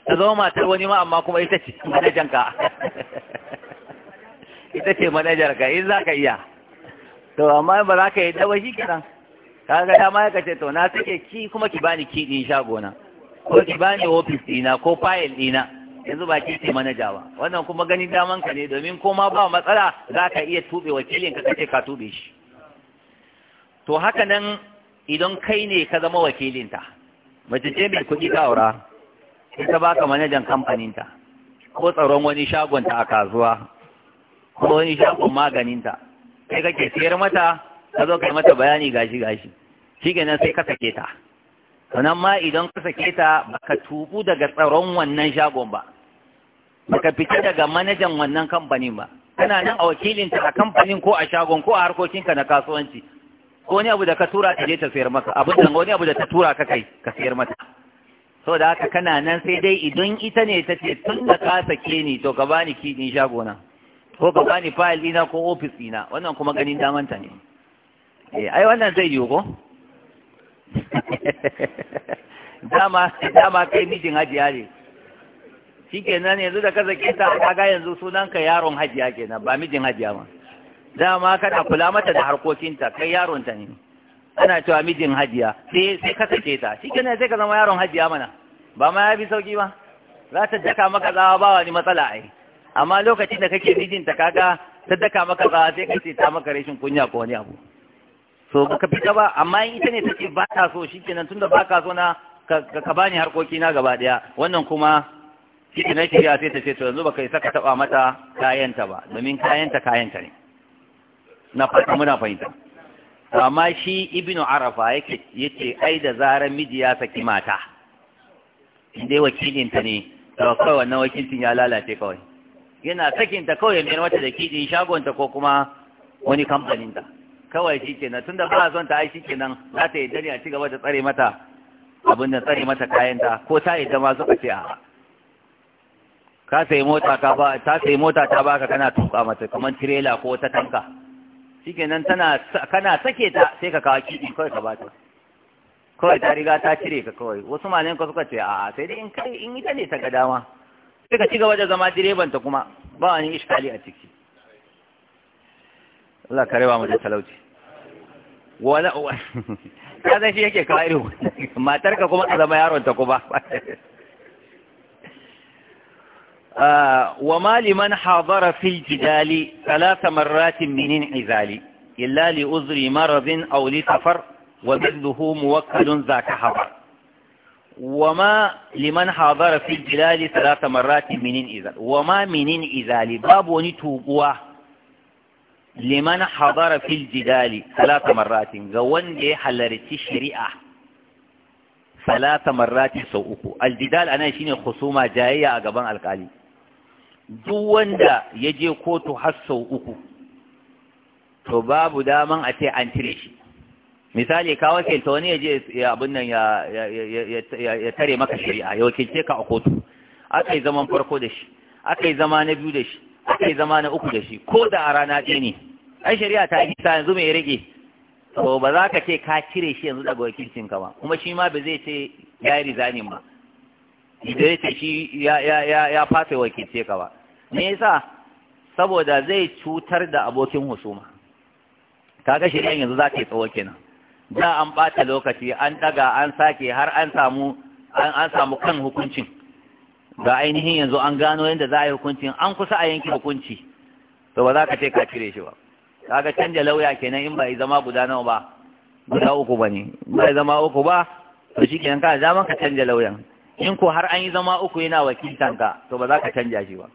ta zama matar wani ma amma kuma ita ce manajanka ita ce manajarka in za ka iya to amma ba za ka yi daba shi kiran ka ga dama ya ce to na sake ki kuma ki bani ki din shagona ko ki bani ofis dina ko fayil dina yanzu ba kike manaja ba wannan kuma ganin daman ka ne domin koma ba matsala za ka iya tube wakilin ka kace ka tube shi to haka nan idan kai ne ka zama wakilinta mace ce mai kuɗi ta aura ita baka manajan kamfaninta ko tsaron wani shagon ta a kasuwa ko wani shagon maganinta sai kake sayar mata ka zo kai mata bayani gashi gashi shikenan sai ka sake ta sannan ma idan ka sake ta baka tubu daga tsaron wannan shagon ba baka fita daga manajan wannan kamfanin ba kana nan a wakilinta a kamfanin ko a shagon ko a harkokinka na kasuwanci ko wani abu da ka tura ta je ta sayar maka abin da wani abu da ta tura ka kai ka sayar mata so da haka kana nan sai dai idan ita ne ta ce tun da ka sake ni to ka bani ki din shagona ko ka bani fayil dina ko ofis dina wannan kuma ganin ta ne eh ai wannan zai yi ko dama dama kai mijin hajiya ne shikenan yanzu da ka zake ta kaga yanzu sunanka yaron hajiya kenan ba mijin hajiya ba dama kana kula mata da harkokinta kai yaron ta ne ana cewa mijin hajiya sai sai ka sake ta shikenan sai ka zama yaron hajiya mana ba ma ya bi sauki ba za ta daka maka tsawa ba wani matsala ai amma lokacin da kake ta kaga ta daka maka tsawa sai ka ce ta maka rashin kunya ko wani abu so ka fita ba amma ita ne ta ce ba ta so shikenan tunda ba ka so na ka bani harkokina gaba daya wannan kuma shi na shirya sai ta ce to yanzu baka isa ka taba mata kayanta ba domin kayanta kayanta ne na fata muna fahimta amma shi ibnu arafa yake yace ai da zarar miji ya saki mata indai wakilin ta ne to kawai wannan wakilin ya lalace kawai yana sakin ta kawai mai wata da kidi shagon ta ko kuma wani kamfanin ta kawai kenan tunda ba son ta ai kenan za ta yi dani a ci gaba da tsare mata abin da tsare mata kayanta ko ta yi dama zuwa ce a ka sai mota ka ba ta sai mota ta baka kana tuka mata kaman trailer ko ta tanka shikenan tana kana sake ta sai ka kawo kidi kawai ka bata kawai ta riga ta cire ka kawai wasu malayen ka suka ce a sai dai in kai in ita ne ta ga dama sai ka ci gaba da zama direban ta kuma ba wani iskali a ciki Allah ka raba mu da talauci wala ka zai shi yake kawo matar ka kuma ka zama yaron ta kuma wa maliman hadara fil jidali talata marratin minin izali illa li uzri maradin aw li safar wa mithluhu وما لمن حاضر في الجلال ثلاث مرات منين إذال وما منين إذال باب ونتوبوا liman hadara fil jidali salata ga wanda ya halarci shari'a salata marratin sau uku aljidal anan shine khusuma jayayya a gaban alkali duk wanda ya je kotu har sau uku to babu daman a ce an cire shi misali ka wakilta wani ya je abin nan ya tare maka shari'a ya wakilce ka a kotu aka yi zaman farko da shi aka yi zama na biyu da shi aka yi zama na uku da shi ko da a rana ɗaya ne ai shari'a ta yi ta yanzu mai rage to ba za ka ce ka cire shi yanzu daga wakilcin ka ba kuma shi ma ba zai ce ya yi rizanin ba idan ya ce shi ya fasa wakilce ka ba me yasa saboda zai cutar da abokin husuma kaga shiryan yanzu za ta yi tsawo kenan da an ɓata lokaci an ɗaga an sake har an samu an samu kan hukuncin ga ainihin yanzu an gano yadda za a yi hukuncin an kusa a yanki hukunci to ba za ka ce ka cire shi ba kaga canja lauya kenan in ba yi zama guda nawa ba guda uku ba ne ba yi zama uku ba to shi kenan ka zama ka canja lauyan in ko har an yi zama uku yana ka to ba za ka canja shi ba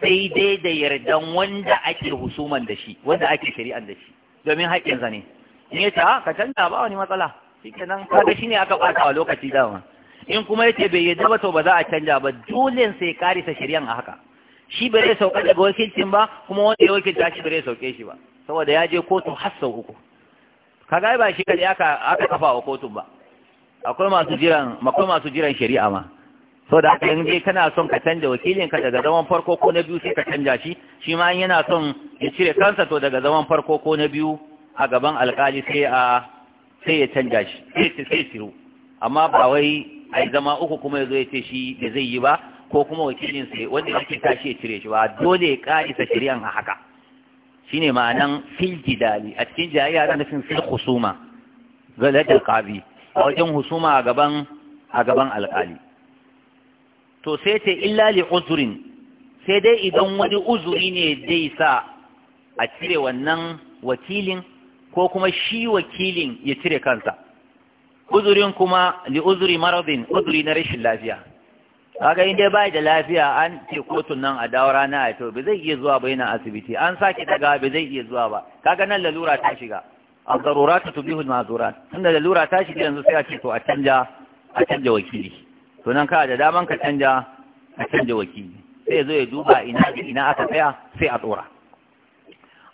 sai dai da yardan wanda ake husuman da shi wanda ake shari'an da shi domin haƙƙinsa ne in ya ce ha ah, ka canja ba wani matsala shi shi ne aka ɓata wa lokaci dama in kuma yace bai yarda ba to ba za a canja ba dole sai karisa shari'an a haka shi bai zai sauka daga wakilcin ba kuma wanda ya wakilta shi bai zai sauke shi ba saboda ya je kotu har sau uku kaga ba shi kaɗai aka kafa wa kotun ba akwai masu jiran shari'a ma so da haka yanzu kana son ka canja wakilin ka daga zaman farko ko na biyu sai ka canja shi shi ma yana son ya cire kansa to daga zaman farko ko na biyu a gaban alkali sai a sai ya canja shi sai sai siru amma ba wai ai zama uku kuma yazo ya ce shi da zai yi ba ko kuma wakilin sai wanda yake tashi ya cire shi ba dole ya ƙarisa shari'an a haka shine ma'anan fil jidali a cikin jayayya da nufin fil khusuma zalatul qabi a wajen husuma a gaban a gaban alƙali to sai ce illa li uzurin sai dai idan wani uzuri ne dai sa a cire wannan wakilin ko kuma shi wakilin ya cire kansa uzurin kuma li uzuri maradin uzuri na rashin lafiya kaga in dai bai da lafiya an ce kotun nan a dawo rana a to ba zai iya zuwa ba yana asibiti an sake daga ba zai iya zuwa ba kaga nan lalura ta shiga ad-darurat tubihu al-ma'zurat tunda lalura ta shi yanzu sai a ce to a canja a canja wakili to nan ka da daman ka canja a canja wakili sai zo ya duba ina ina aka tsaya sai a tsora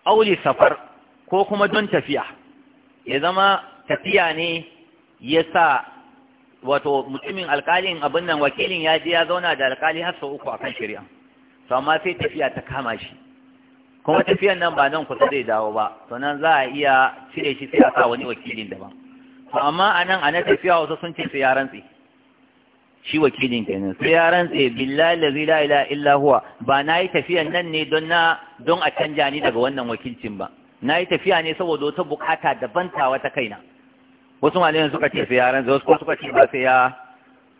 auli safar ko kuma don tafiya ya zama tafiya ne ya sa wato mutumin alkalin abin nan wakilin ya je ya zauna da alkali har sau uku akan shari'a to amma sai tafiya ta kama shi kuma tafiyan nan ba nan kusa zai dawo ba to nan za a iya cire shi sai a sa wani wakilin daban to amma a nan a na tafiya wasu sun ce sai ya rantse shi wakilin kenan sai ya rantse billahi lazi la ilaha illa huwa ba na yi tafiyan nan ne don na don a canja ni daga wannan wakilcin ba na yi tafiya ne saboda wata bukata daban ta wata kaina wasu malayan suka ce sai ya rantse wasu suka ce ba sai ya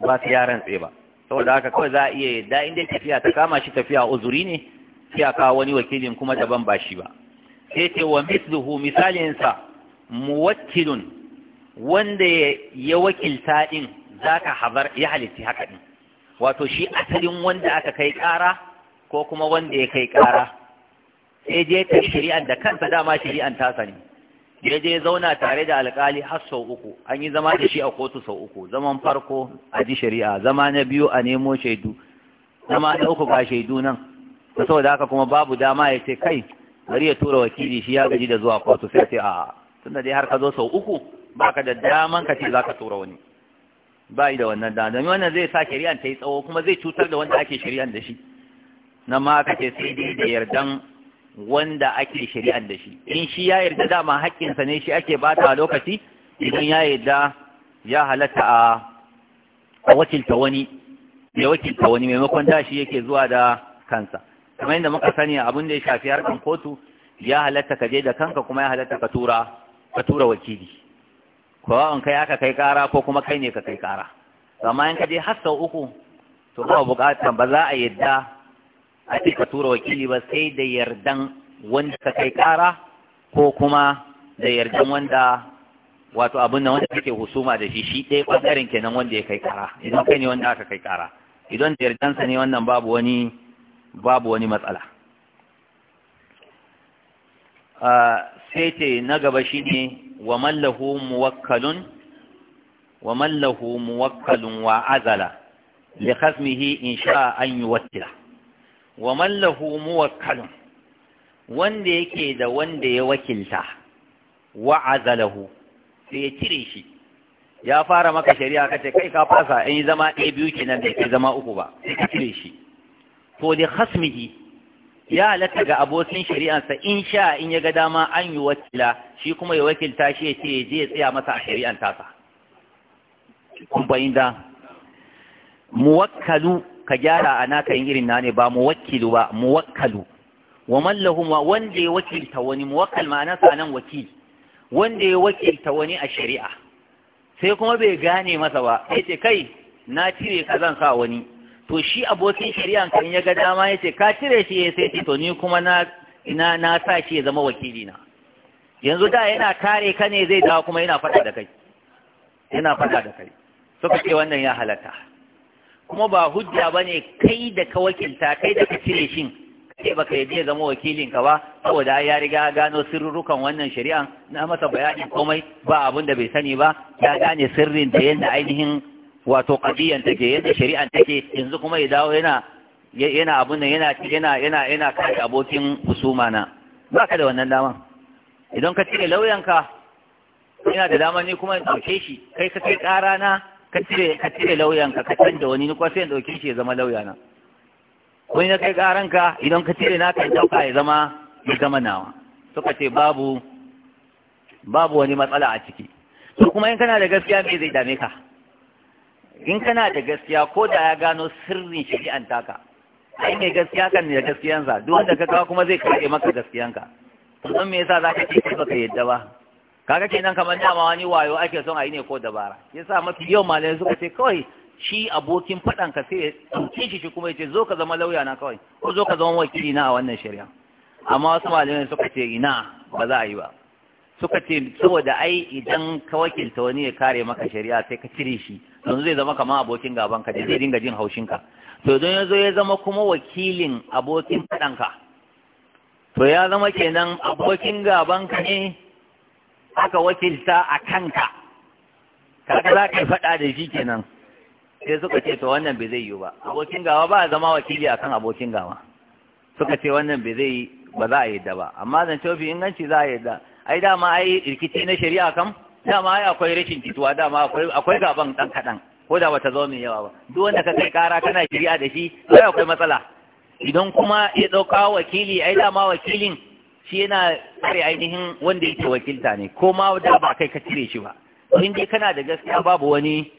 ba sai ya rantse ba saboda haka kawai za a iya Da inda tafiya ta kama shi tafiya uzuri ne sai kawo wani wakilin kuma daban ba shi ba sai ce wa misluhu misalinsa muwakkilun wanda ya wakilta din zaka hazar ya halitti haka din wato shi asalin wanda aka kai kara ko kuma wanda ya kai kara sai je ta shari'an da kansa dama shari'an tasa ne ya je zauna tare da alkali har sau uku an yi zama da shi a kotu sau uku zaman farko a ji shari'a zama na biyu a nemo shaidu zama na uku ga shaidu nan saboda haka kuma babu dama ya ce kai bari ya tura wakili shi ya gaji da zuwa kotu sai ce a tunda dai har ka zo sau uku baka da daman ka ce zaka tura wani bai da wannan dama domin wannan zai sa shari'an ta yi tsawo kuma zai cutar da wanda ake shari'an da shi Na ma aka ce sai dai da yardan wanda ake shari'an da shi in shi ya yarda dama haƙƙinsa ne shi ake bata ta lokaci idan ya yarda ya halatta a wakilta wani ya wakilta wani maimakon da shi yake zuwa da kansa kamar yadda muka sani abin da ya shafi harkan kotu ya halatta ka je da kanka kuma ya halatta ka tura ka tura wakili ko an kai aka kai kara ko kuma kai ne ka kai kara amma in ka je har sau uku to ba buƙatar ba za a yadda a ce ka tura wakili ba sai da yardan wanda ka kai kara ko kuma da yardan wanda wato abin da wanda kake husuma da shi shi ɗaya ɓangaren kenan wanda ya kai kara idan kai ne wanda aka kai kara idan da yardansa ne wannan babu wani babu wani matsala sai na gaba shi ne wa mallahu muwakkalun wa mallahu muwakkalun wa azala li khasmihi in sha an yuwattila wa mallahu muwakkalun wanda yake da wanda ya wakilta wa azalahu sai ya cire shi ya fara maka shari'a kace kai ka fasa in zama ɗaya biyu kenan da ke zama uku ba sai ka cire shi to li khasmihi ya halatta ga abokin shari'ansa in sha in ya ga dama an yi wakila shi kuma ya wakilta shi ya ce ya ya tsaya masa a shari'an tasa kun da muwakkalu ka gyara a naka irin na ne ba muwakkilu ba muwakkalu wa mallahum wanda ya wakilta wani muwakkal sa nan wakil wanda ya wakilta wani a shari'a sai kuma bai gane masa ba sai ce kai na cire ka zan sa wani to shi abokin shari'an kan ya ga dama ya ce ka cire shi ya sai to ni kuma na na na sa shi ya zama wakili na yanzu da yana kare ka ne zai dawo kuma yana faɗa da kai yana faɗa da kai suka ce wannan ya halarta. kuma ba hujja bane kai da ka wakilta kai da ka cire shin kai ba kai ya zama wakilin ka ba saboda ya riga gano sirrukan wannan shari'an na masa bayanin komai ba abin da bai sani ba ya gane sirrin da yadda ainihin wato qadiyan take yadda shari'an take yanzu kuma ya dawo yana yana abun nan yana yana yana yana kai abokin husuma na baka da wannan dama idan ka cire lauyanka yana da dama ne kuma in dauke shi kai ka kai ƙara na ka cire ka cire lauyanka ka canza wani ni kuma sai in dauke shi ya zama lauya na wani na kai ƙaranka idan ka cire na kan dauka ya zama ya zama nawa suka ce babu babu wani matsala a ciki to kuma in kana da gaskiya me zai dame ka in kana da gaskiya ko da ya gano sirrin shari'an taka ai mai gaskiya kan da gaskiyansa duk wanda ka kawo kuma zai kare maka gaskiyanka to don me yasa zaka ce kai baka yadda ba kaga kenan kamar dama wani wayo ake son a yi ne ko dabara yasa mafi yau malamai suka ce kawai shi abokin faɗan ka sai ya ɗauke shi shi kuma yace ce zo ka zama lauya na kawai ko zo ka zama wakili na a wannan shari'a amma wasu malamai suka ce ina ba za a yi ba suka ce saboda ai idan ka wakilta wani ya kare maka shari'a sai ka cire shi yanzu zai zama kamar abokin gaban ka zai dinga jin haushin ka to don ya zo ya zama kuma wakilin abokin faɗan ka to ya zama kenan abokin gaban ka ne aka wakilta a kanka kaga za ka yi faɗa da shi kenan sai suka ce to wannan bai zai yiwu ba abokin gawa ba zama wakili akan abokin gawa suka ce wannan bai zai ba za a yadda ba amma zan ce fi inganci za a yadda ai dama ai rikici na shari'a kam dama ai akwai rashin jituwa dama akwai gaban dan kaɗan ko da bata zo mai yawa ba duk wanda ka kai kara kana shirya da shi sai akwai matsala idan kuma ya dauka wakili ai dama wakilin shi yana kare ainihin wanda yake wakilta ne ko ma da ba kai ka cire shi ba in dai kana da gaskiya babu wani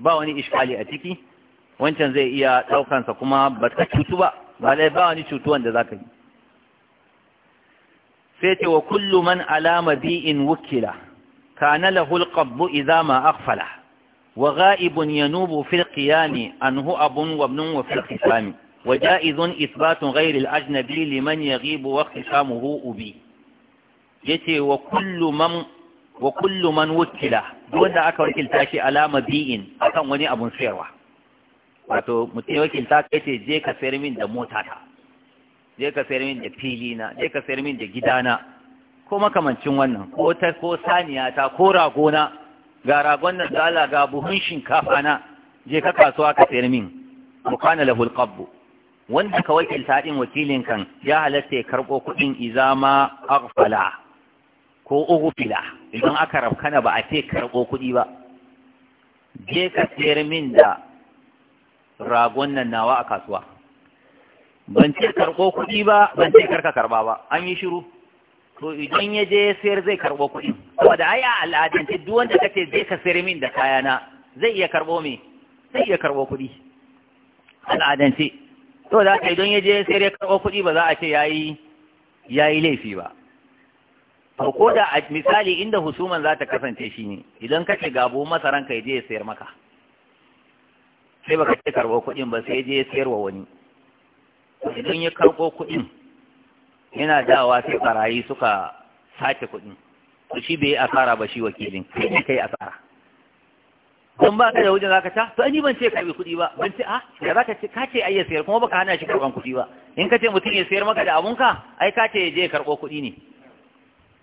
ba wani iskali a ciki wancan zai iya ɗaukansa kuma ba ka cutu ba ba ba wani cutuwan da zaka yi sai ce wa kullu man alama bi'in wukila kana lahul qabbu idza ma aghfala wa ghaibun yanubu fil qiyami anhu abun wa ibnun wa fil qisami wa ja'izun ithbatun ghayri al ajnabi liman yaghibu wa ubi yace wa kullu man wukila wanda aka wakilta alama akan wani abun sayarwa wato mutum wakilta kai ce je ka sayar min da motata je ka sayar min da filina je ka sayar min da gidana ko makamancin wannan ko ta ko saniya ta ko ragona ga ragon nan da Allah ga buhun shinkafa na je ka kasuwa ka sayar min Mukana lahul qabbu wanda ka wakilta din wakilin kan ya halatta ya karbo kuɗin izama aghfala ko ughfila idan aka rafkana ba a ce karbo kuɗi ba je ka sayar min da ragon nan nawa a kasuwa ban ce karɓo kuɗi ba ban ce karka karba ba an yi shiru to idan ya je sayar zai karɓo kuɗi da ai a al'adance duk wanda kace zai ka sayar min da kayana zai iya karɓo me zai iya karɓo kuɗi al'adance to da haka idan ya je sayar ya karɓo kuɗi ba za a ce yayi yayi laifi ba to ko da a misali inda husuman za ta kasance shi ne idan kace gabo masaran ka je ya sayar maka sai baka ce karɓo kuɗin ba sai je ya sayar wa wani idan ya karɓo kuɗin yana dawa sai barayi suka sake kuɗin to shi bai asara ba shi wakilin kai kai asara don ba ka da wajen zaka ta to ni ban ce karbi kuɗi ba ban ce ah da zaka ce ka ce ai ya sayar kuma baka hana shi karban kuɗi ba in ka ce mutum ya sayar maka da abunka ai ka ce ya je karɓo kuɗi ne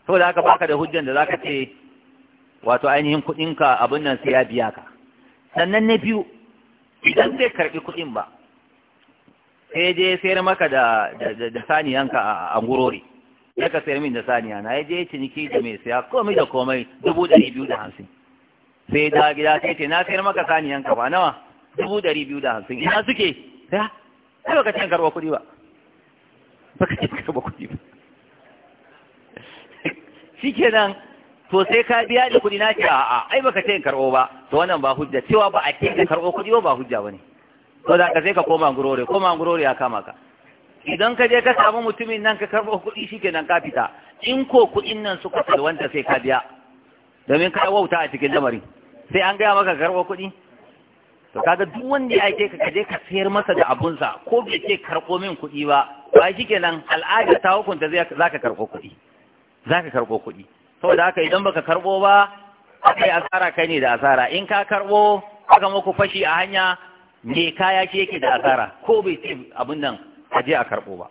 To da haka baka da hujjan da zaka ce wato ainihin kuɗinka abin nan sai ya biya ka sannan na biyu idan bai karɓi kuɗin ba sai je sayar maka da da saniyanka a gurori ya ka sayar min da saniya na ya je ciniki da mai saya komai da komai dubu dari biyu da hamsin sai da gida sai ce na sayar maka saniyanka ba nawa dubu dari biyu da hamsin ina suke ya ai baka cin karɓa kuɗi ba baka cin karɓa kuɗi ba shikenan to sai ka biya da kuɗi na ce a'a ai baka cin karɓo ba to wannan ba hujja cewa ba a cin karɓo kuɗi ba ba hujja ne. ko da ka sai ka koma gurore koma gurore ya kama ka idan ka je ka samu mutumin nan ka karɓo kuɗi shi ka fita in ko kuɗin nan suka wanda sai ka biya domin ka wauta a cikin lamarin sai an gaya maka karɓo kuɗi to kaga duk wanda ya ke ka ka je ka sayar masa da abun sa, ko bai ce karɓo min kuɗi ba ba shi al'ada ta hukunta za ka karɓo kuɗi za ka karɓo kuɗi saboda haka idan baka karɓo ba akai asara kai ne da asara in ka karɓo aka muku fashi a hanya me kaya shi yake da asara ko bai ce abin nan a a karɓo ba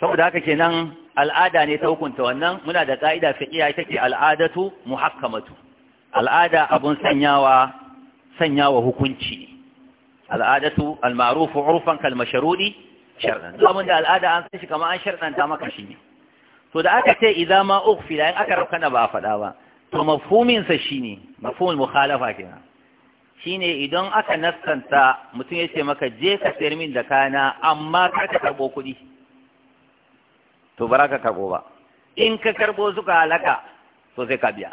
saboda haka kenan al'ada ne ta hukunta wannan muna da ka'ida fiqiya ita ce al'adatu muhakkamatu al'ada abun sanyawa sanyawa hukunci al'adatu al-ma'rufu 'urfan kal mashrudi shar'an abin da al'ada an san shi kamar an shar'anta maka shi ne to da aka ce idan ma ukhfila in aka rafkana ba a faɗa ba to mafhumin sa shine mafhumul mukhalafa kenan shine idan aka nassanta mutum ya ce maka je ka sayar min da kana amma kar ka karɓo kuɗi to ba ka karɓo ba in ka karɓo suka halaka to sai ka biya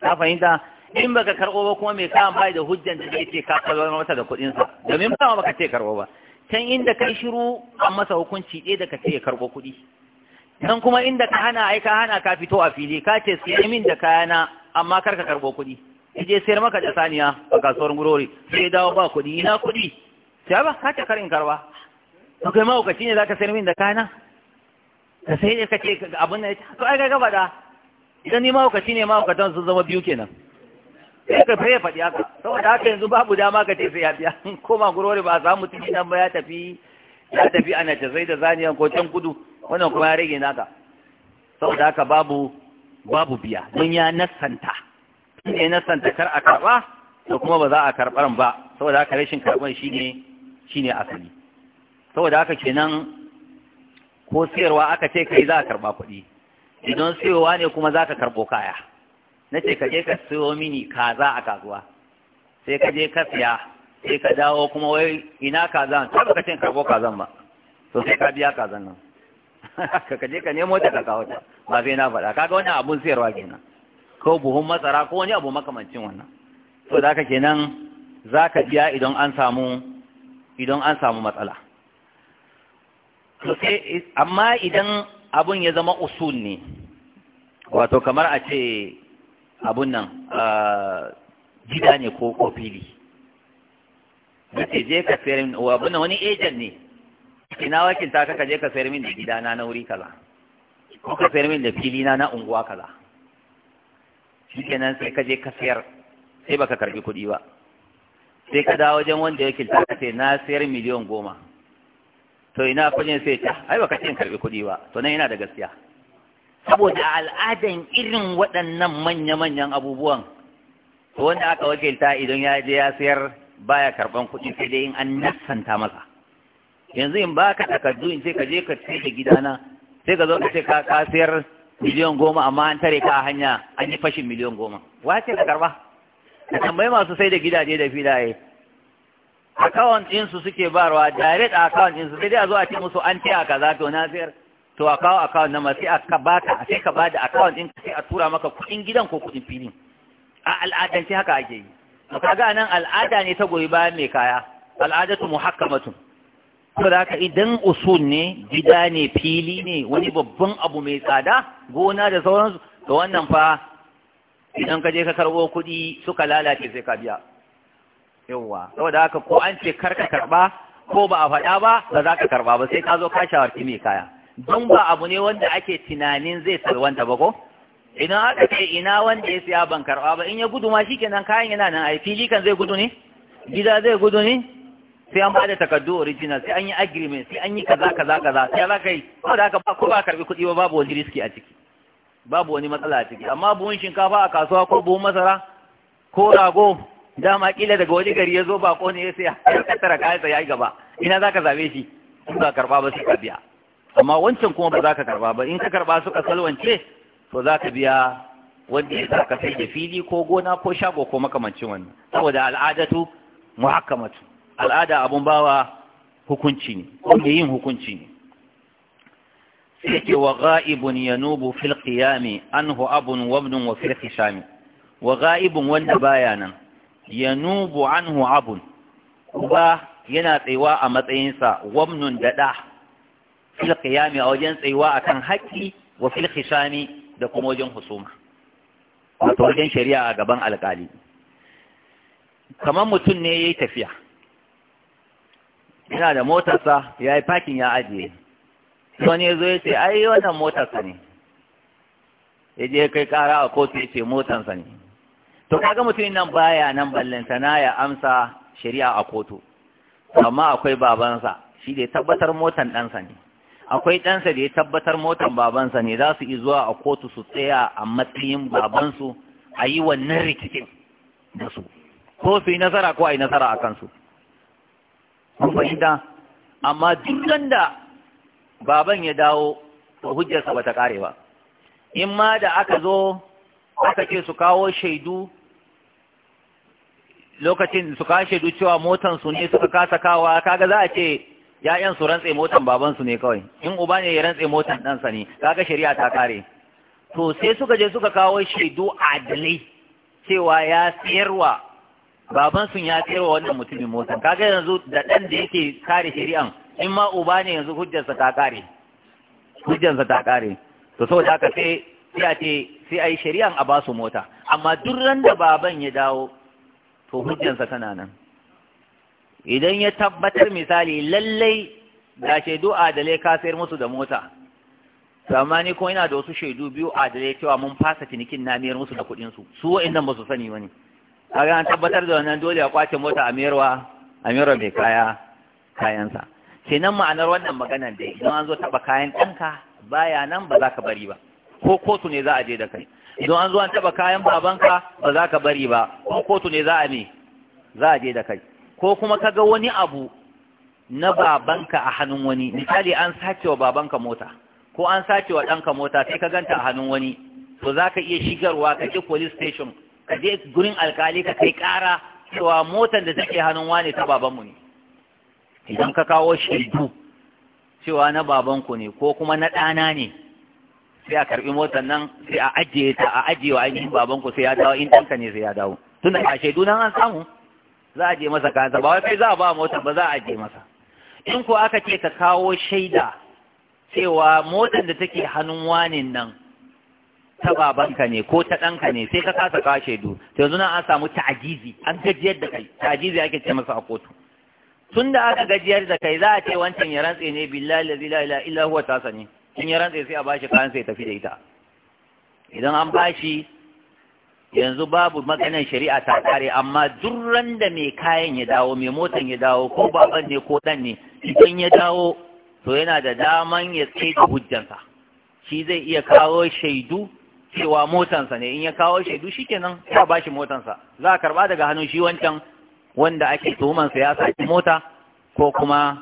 ka fahimta in baka karɓo ba kuma mai kama bai da hujjan da zai ce ka na masa da kuɗinsa domin ba baka ce karɓo ba can inda kai shiru an masa hukunci ɗaya da ka ce karɓo kuɗi dan kuma inda ka hana ai ka hana ka fito a fili ka ce sai min da kayana amma kar ka karɓo kuɗi ya je sayar maka da saniya a kasuwar gurori sai ya dawo ba kuɗi ina kuɗi sai ba ka ta karin karwa to kai mahaukaci ne za ka sayar min da kana da sai ya kace abin da ya to ai ga gaba da idan ni mahaukaci ne mahaukatan sun zama biyu kenan sai ka fara faɗi haka saboda haka yanzu babu dama ka ce sai ya biya koma gurori ba za mu tafi nan ba ya tafi ya tafi ana ta sai da zaniyan ko can kudu wannan kuma ya rage naka saboda haka babu babu biya don ya nasanta ne na kar a karɓa da kuma ba za a karɓar ba saboda haka rashin karɓar shi ne asali saboda haka kenan ko siyarwa aka ce kai za a karɓa kuɗi idan siyowa ne kuma za ka karɓo kaya na ce ka je ka siyo mini kaza a kasuwa sai ka je ka siya sai ka dawo kuma wai ina kazan ta baka cin karɓo kazan ba to sai ka biya kazan nan ka je ka nemo ta ka kawo ta ba sai na faɗa kaga wannan abun siyarwa kenan ko buhun matsara ko wani abu makamancin wannan to da ke kenan za ka biya idan an samu idan an samu matsala amma idan abun ya zama usul ne wato kamar a ce abun nan gida ne ko kofili fili je ka sayar min wa abun nan wani agent ne ina wakilta ka je ka sayar min da gidana na wuri kaza ko ka sayar min da fili na na unguwa kaza shikenan sai ka je ka sayar sai baka karbi kuɗi ba sai ka dawo wajen wanda ya kilta ka ce na sayar miliyan goma to ina kuɗin sai ta ai baka ce karbi kuɗi ba to nan yana da gaskiya saboda al'adan irin waɗannan manya-manyan abubuwan to wanda aka wakilta idan ya je ya sayar baya karban kuɗi sai dai in an nassanta masa yanzu in baka takardu in ce ka je ka ce da gidana sai ka zo ka ce ka sayar miliyan goma amma an tare ka hanya an yi fashin miliyan goma wace ka karba ka tambayi masu sai da gidaje da filaye account ɗinsu suke barwa direct account din su sai dai a zo a ce musu an ce a kaza to na sayar to a kawo account na sai a ka baka sai ka bada account ɗin sai a tura maka kuɗin gidan ko kuɗin filin a al'adance haka ake yi to kaga nan al'ada ne ta goyi bayan mai kaya al'adatu muhakkamatun saboda haka idan usul ne gida ne fili ne wani babban abu mai tsada gona da sauransu to wannan fa idan ka je ka karbo kuɗi suka lalace sai ka biya yawwa saboda haka ko an ce kar ka karba ko ba a faɗa ba ba za ka karba ba sai ka zo ka shawarci mai kaya don ba abu ne wanda ake tunanin zai salwanta ba ko idan aka ce ina wanda ya siya ban karba ba in ya gudu ma shikenan kayan yana nan ai fili kan zai gudu ne gida zai gudu ne sai an bada takardu original sai an yi agreement sai an yi kaza kaza kaza sai za ka yi ko da haka ba ko ba karbi kuɗi ba babu wani riski a ciki babu wani matsala a ciki amma buhun shinkafa a kasuwa ko buhun masara ko rago dama kila daga wani gari ya zo ko ne ya sai ya tattara kayan sa yi gaba ina za ka zabe shi in ba karba ba suka biya amma wancan kuma ba za ka karba ba in ka karba suka salwance to za ka biya wanda ya sa ka sai da fili ko gona ko shago ko makamancin wannan saboda al'adatu muhakkamatu al'ada abun bawa hukunci ne ko yin hukunci ne sai ke wa ga'ibun yanubu fil qiyami anhu abun wa ibnun wa fil hisami wa ga'ibun wanda baya nan yanubu anhu abun uba yana tsayuwa a matsayinsa wamnun da ɗa fil qiyami a wajen tsayuwa akan haƙƙi wa fil hisami da kuma wajen husuma wato wajen shari'a a gaban alƙali kamar mutum ne ya yi tafiya yana da motarsa ya yi fakin ya ajiye wani ya zo ya ce ai wannan motarsa ne ya je kai kara a kotu ya ce motarsa ne to kaga mutumin nan baya nan ballanta na ya amsa shari'a a kotu amma akwai babansa shi da ya tabbatar motar ɗansa ne akwai ɗansa da ya tabbatar motar babansa ne za su yi zuwa a kotu su tsaya a matsayin babansu a yi wannan rikicin da su ko su yi nasara ko a yi nasara a kansu mun fahimta amma dukkan da baban ya dawo to hujjarsa bata kare ba in ma da aka zo aka ce su kawo shaidu lokacin su kawo shaidu cewa motan su ne suka kasa kawa kaga za a ce ya'yan su rantse motan baban su ne kawai in uba ne ya rantse motan ɗansa ne kaga shari'a ta kare to sai suka je suka kawo shaidu adalai cewa ya siyarwa baban sun ya tsere wannan mutumin mota kaga yanzu da dan da yake kare shari'an in ma uba ne yanzu hujjarsa ta kare hujjarsa ta kare to saboda haka sai sai a ce sai ai shari'an a basu mota amma duk ran da baban ya dawo to hujjansa tana nan idan ya tabbatar misali lallai da shaidu adalai ka sayar musu da mota amma ni ko ina da wasu shaidu biyu adalai cewa mun fasa cinikin na musu da kuɗinsu su nan ba su sani ba kaga an tabbatar da wannan dole ya kwace mota a mayarwa a mayarwa mai kaya kayansa kenan ma'anar wannan maganar dai idan an zo taba kayan ɗanka baya nan ba za ka bari ba ko kotu ne za a je da kai idan an zo an taba kayan babanka ba za ka bari ba ko kotu ne za a ne za a je da kai ko kuma ka ga wani abu na babanka a hannun wani misali an sace wa babanka mota ko an sace wa ɗanka mota sai ka ganta a hannun wani to za ka iya shigarwa ka je police station ka je gurin alkali ka kai ƙara cewa motar da take hannun wane ta babanmu ne idan ka kawo shaidu cewa na babanku ne ko kuma na ɗana ne sai a karɓi motar nan sai a ajiye ta a ajiye wa ainihin babanku sai ya dawo in ɗanka ne sai ya dawo tun da shaidu nan an samu za a je masa kayansa ba wai kai za a ba motar ba za a je masa in ko aka ce ka kawo shaida cewa motar da take hannun wane nan ta babanka ne ko ta ɗanka ne sai ka kasa kawo shaidu to yanzu nan an samu ta'ajizi an gajiyar da kai ta'ajizi ake ce masa a kotu tun da aka gajiyar da kai za a ce wancan ya rantse ne billahi la ilaha illa huwa ta sani in ya rantse sai a bashi kayan sai tafi da ita idan an bashi yanzu babu maganar shari'a ta kare amma durran da mai kayan ya dawo mai motan ya dawo ko baban ne ko dan ne idan ya dawo to yana da daman ya tsaye da hujjansa shi zai iya kawo shaidu cewa motansa ne in ya kawo shaidu shikenan ya ba shi motansa za a karba daga hannun shi wancan wanda ake tuhumansa ya saki mota ko kuma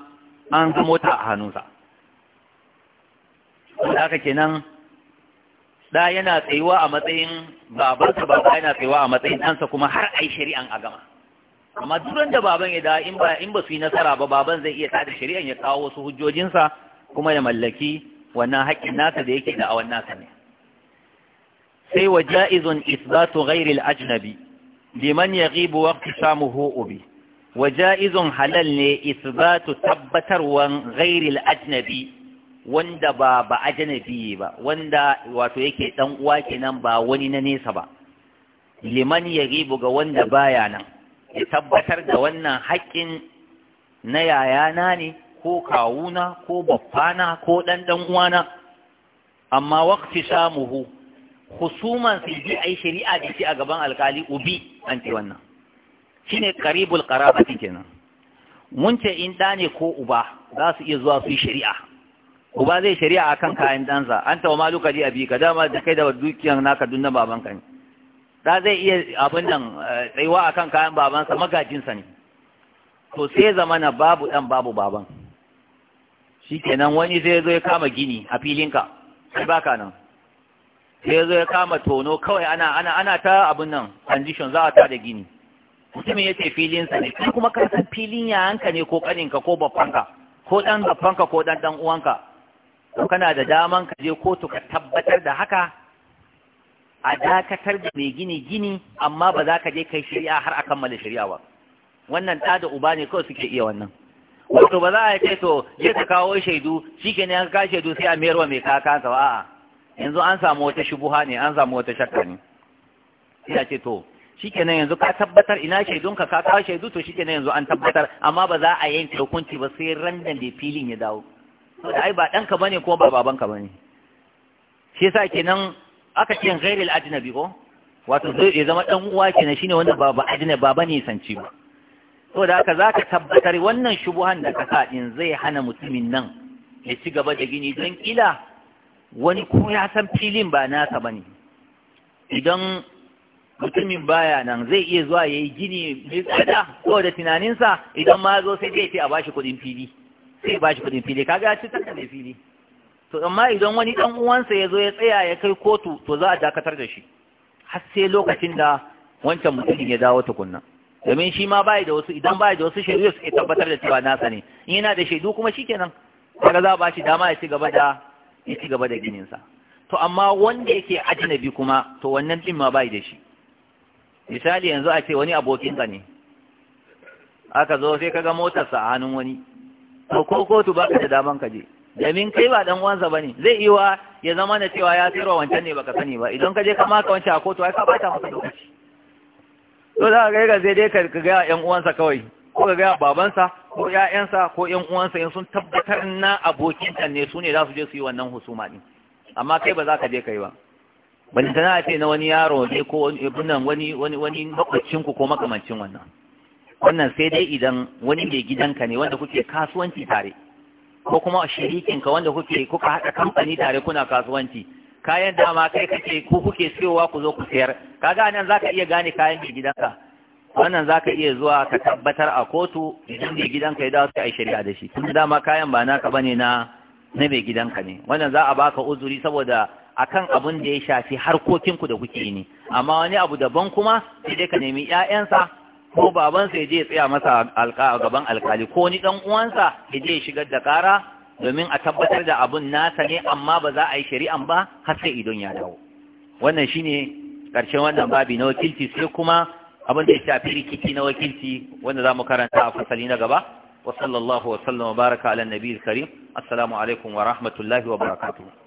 an ga mota a hannunsa da aka kenan da yana tsayuwa a matsayin babansa ba yana tsayuwa a matsayin ɗansa kuma har ai shari'an a gama amma duran da baban ya da in ba su yi nasara ba baban zai iya tada shari'an ya kawo wasu hujjojinsa kuma ya mallaki wannan haƙƙin nasa da yake da awan nasa ne sai wa ja'izun isbatu ghairil ajnabi liman yaghibu waqti samuhu ubi wa ja'izun halal ne isbatu tabbatarwan ghairil ajnabi wanda ba ba ajnabi ba wanda wato yake dan uwa kenan ba wani na nesa ba liman yaghibu ga wanda baya nan ya tabbatar da wannan haƙƙin na yayana ne ko kawuna ko babbana ko dan uwana amma waqti samuhu husuman sai ji a yi shari'a da shi a gaban alkali ubi an ce wannan shi ne karibul kenan mun ce in ɗa ne ko uba za su iya zuwa su yi shari'a uba zai shari'a akan kayan ɗansa an taɓa maluka ji abi ka dama da kai da dukiyan naka dunna babanka ne da zai iya abin nan eh, tsayuwa akan kayan babansa magajinsa ne to sai zamana babu ɗan babu baban shi wani zai zo ya kama gini a filinka sai baka nan sai zo ya kama tono kawai ana ana ana ta abin nan condition za a ta da gini mutumin ya ce filinsa ne kai kuma ka san filin yayanka ne ko ka ko ka ko dan ka ko dan dan uwanka to kana da daman ka je kotu ka tabbatar da haka a dakatar da mai gini gini amma ba za ka je kai shari'a har a kammala shari'a ba wannan ɗa da uba ne kawai suke iya wannan wato ba za a ce to je ka kawo shaidu shikenan ka shaidu sai a mayarwa mai kakansa ba a'a yanzu an samu wata shubuha ne an samu wata shakka ne sai ce to shikenan yanzu ka tabbatar ina shaidunka ka kawo shaidu to shikenan yanzu an tabbatar amma ba za a yanke hukunci ba sai randan da filin ya dawo saboda ai ba ɗanka bane kuma ba babanka bane shi yasa kenan aka ce ghairil ajnabi ko wato zai ya zama dan uwa kenan shine wanda ba ba ajnabi ba bane sanci ba saboda haka zaka tabbatar wannan shubuhan da ka sa din zai hana mutumin nan ya ci gaba da gini don kila wani ko ya san filin ba nasa bane idan mutumin baya nan zai iya zuwa ya yi gini mai tsada da tunaninsa idan ma zo sai zai ce a bashi kuɗin fili sai bashi kuɗin fili kaga ya ci tsaka mai fili to amma idan wani ɗan uwansa ya zo ya tsaya ya kai kotu to za a dakatar da shi har sai lokacin da wancan mutumin ya dawo tukunna domin shi ma bai da wasu idan bai da wasu shaidu ya tabbatar da cewa nasa ne in yana da shaidu kuma shikenan kaga za a bashi dama ya ci gaba da ya ci gaba da gininsa to amma wanda yake ajnabi kuma to wannan din ma bai da shi misali yanzu a ce wani abokinka ne aka zo sai kaga motarsa a hannun wani to ko kotu baka da daman ka je domin kai ba dan uwansa bane zai iya ya zama na cewa ya sayarwa wancan ne baka sani ba idan ka je ka maka wancan a kotu ai ka bata maka lokaci to za ka ga sai dai ka ga yan uwansa kawai ko ka ga babansa ko ‘ya'yansa ko ‘yan’uwansa uwansa in sun tabbatar na abokinta ne su ne za su je su yi wannan husuma ɗin amma kai ba za ka je kai ba Bani tana ce na wani yaro ne ko wani wani makwacinku ko makamancin wannan wannan sai dai idan wani mai gidanka ne wanda kuke kasuwanci tare ko kuma shirikinka wanda kuke kuka haɗa kamfani tare kuna kasuwanci kayan dama kai kake ko kuke siyowa ku zo ku sayar kaga nan zaka iya gane kayan mai gidanka wannan za ka iya zuwa ka tabbatar a kotu idan mai gidanka ya dawo sai a shari'a da shi tun dama kayan ba naka bane na na mai gidanka ne wannan za a baka uzuri saboda akan abin da ya shafi harkokinku da kuke ne amma wani abu daban kuma sai dai ka nemi ƴaƴansa ko babansa ya je ya tsaya masa alƙa gaban alƙali ko ni dan uwansa ya je ya shigar da ƙara domin a tabbatar da abun nasa ne amma ba za a yi shari'an ba har sai idon ya dawo wannan shine ƙarshen wannan babi na wakilci sai kuma abin da ya shafi rikici na wakilci wanda za mu karanta a fasali na gaba wa sallallahu wa baraka ala nabiyil karim assalamu alaikum wa rahmatullahi wa barakatu.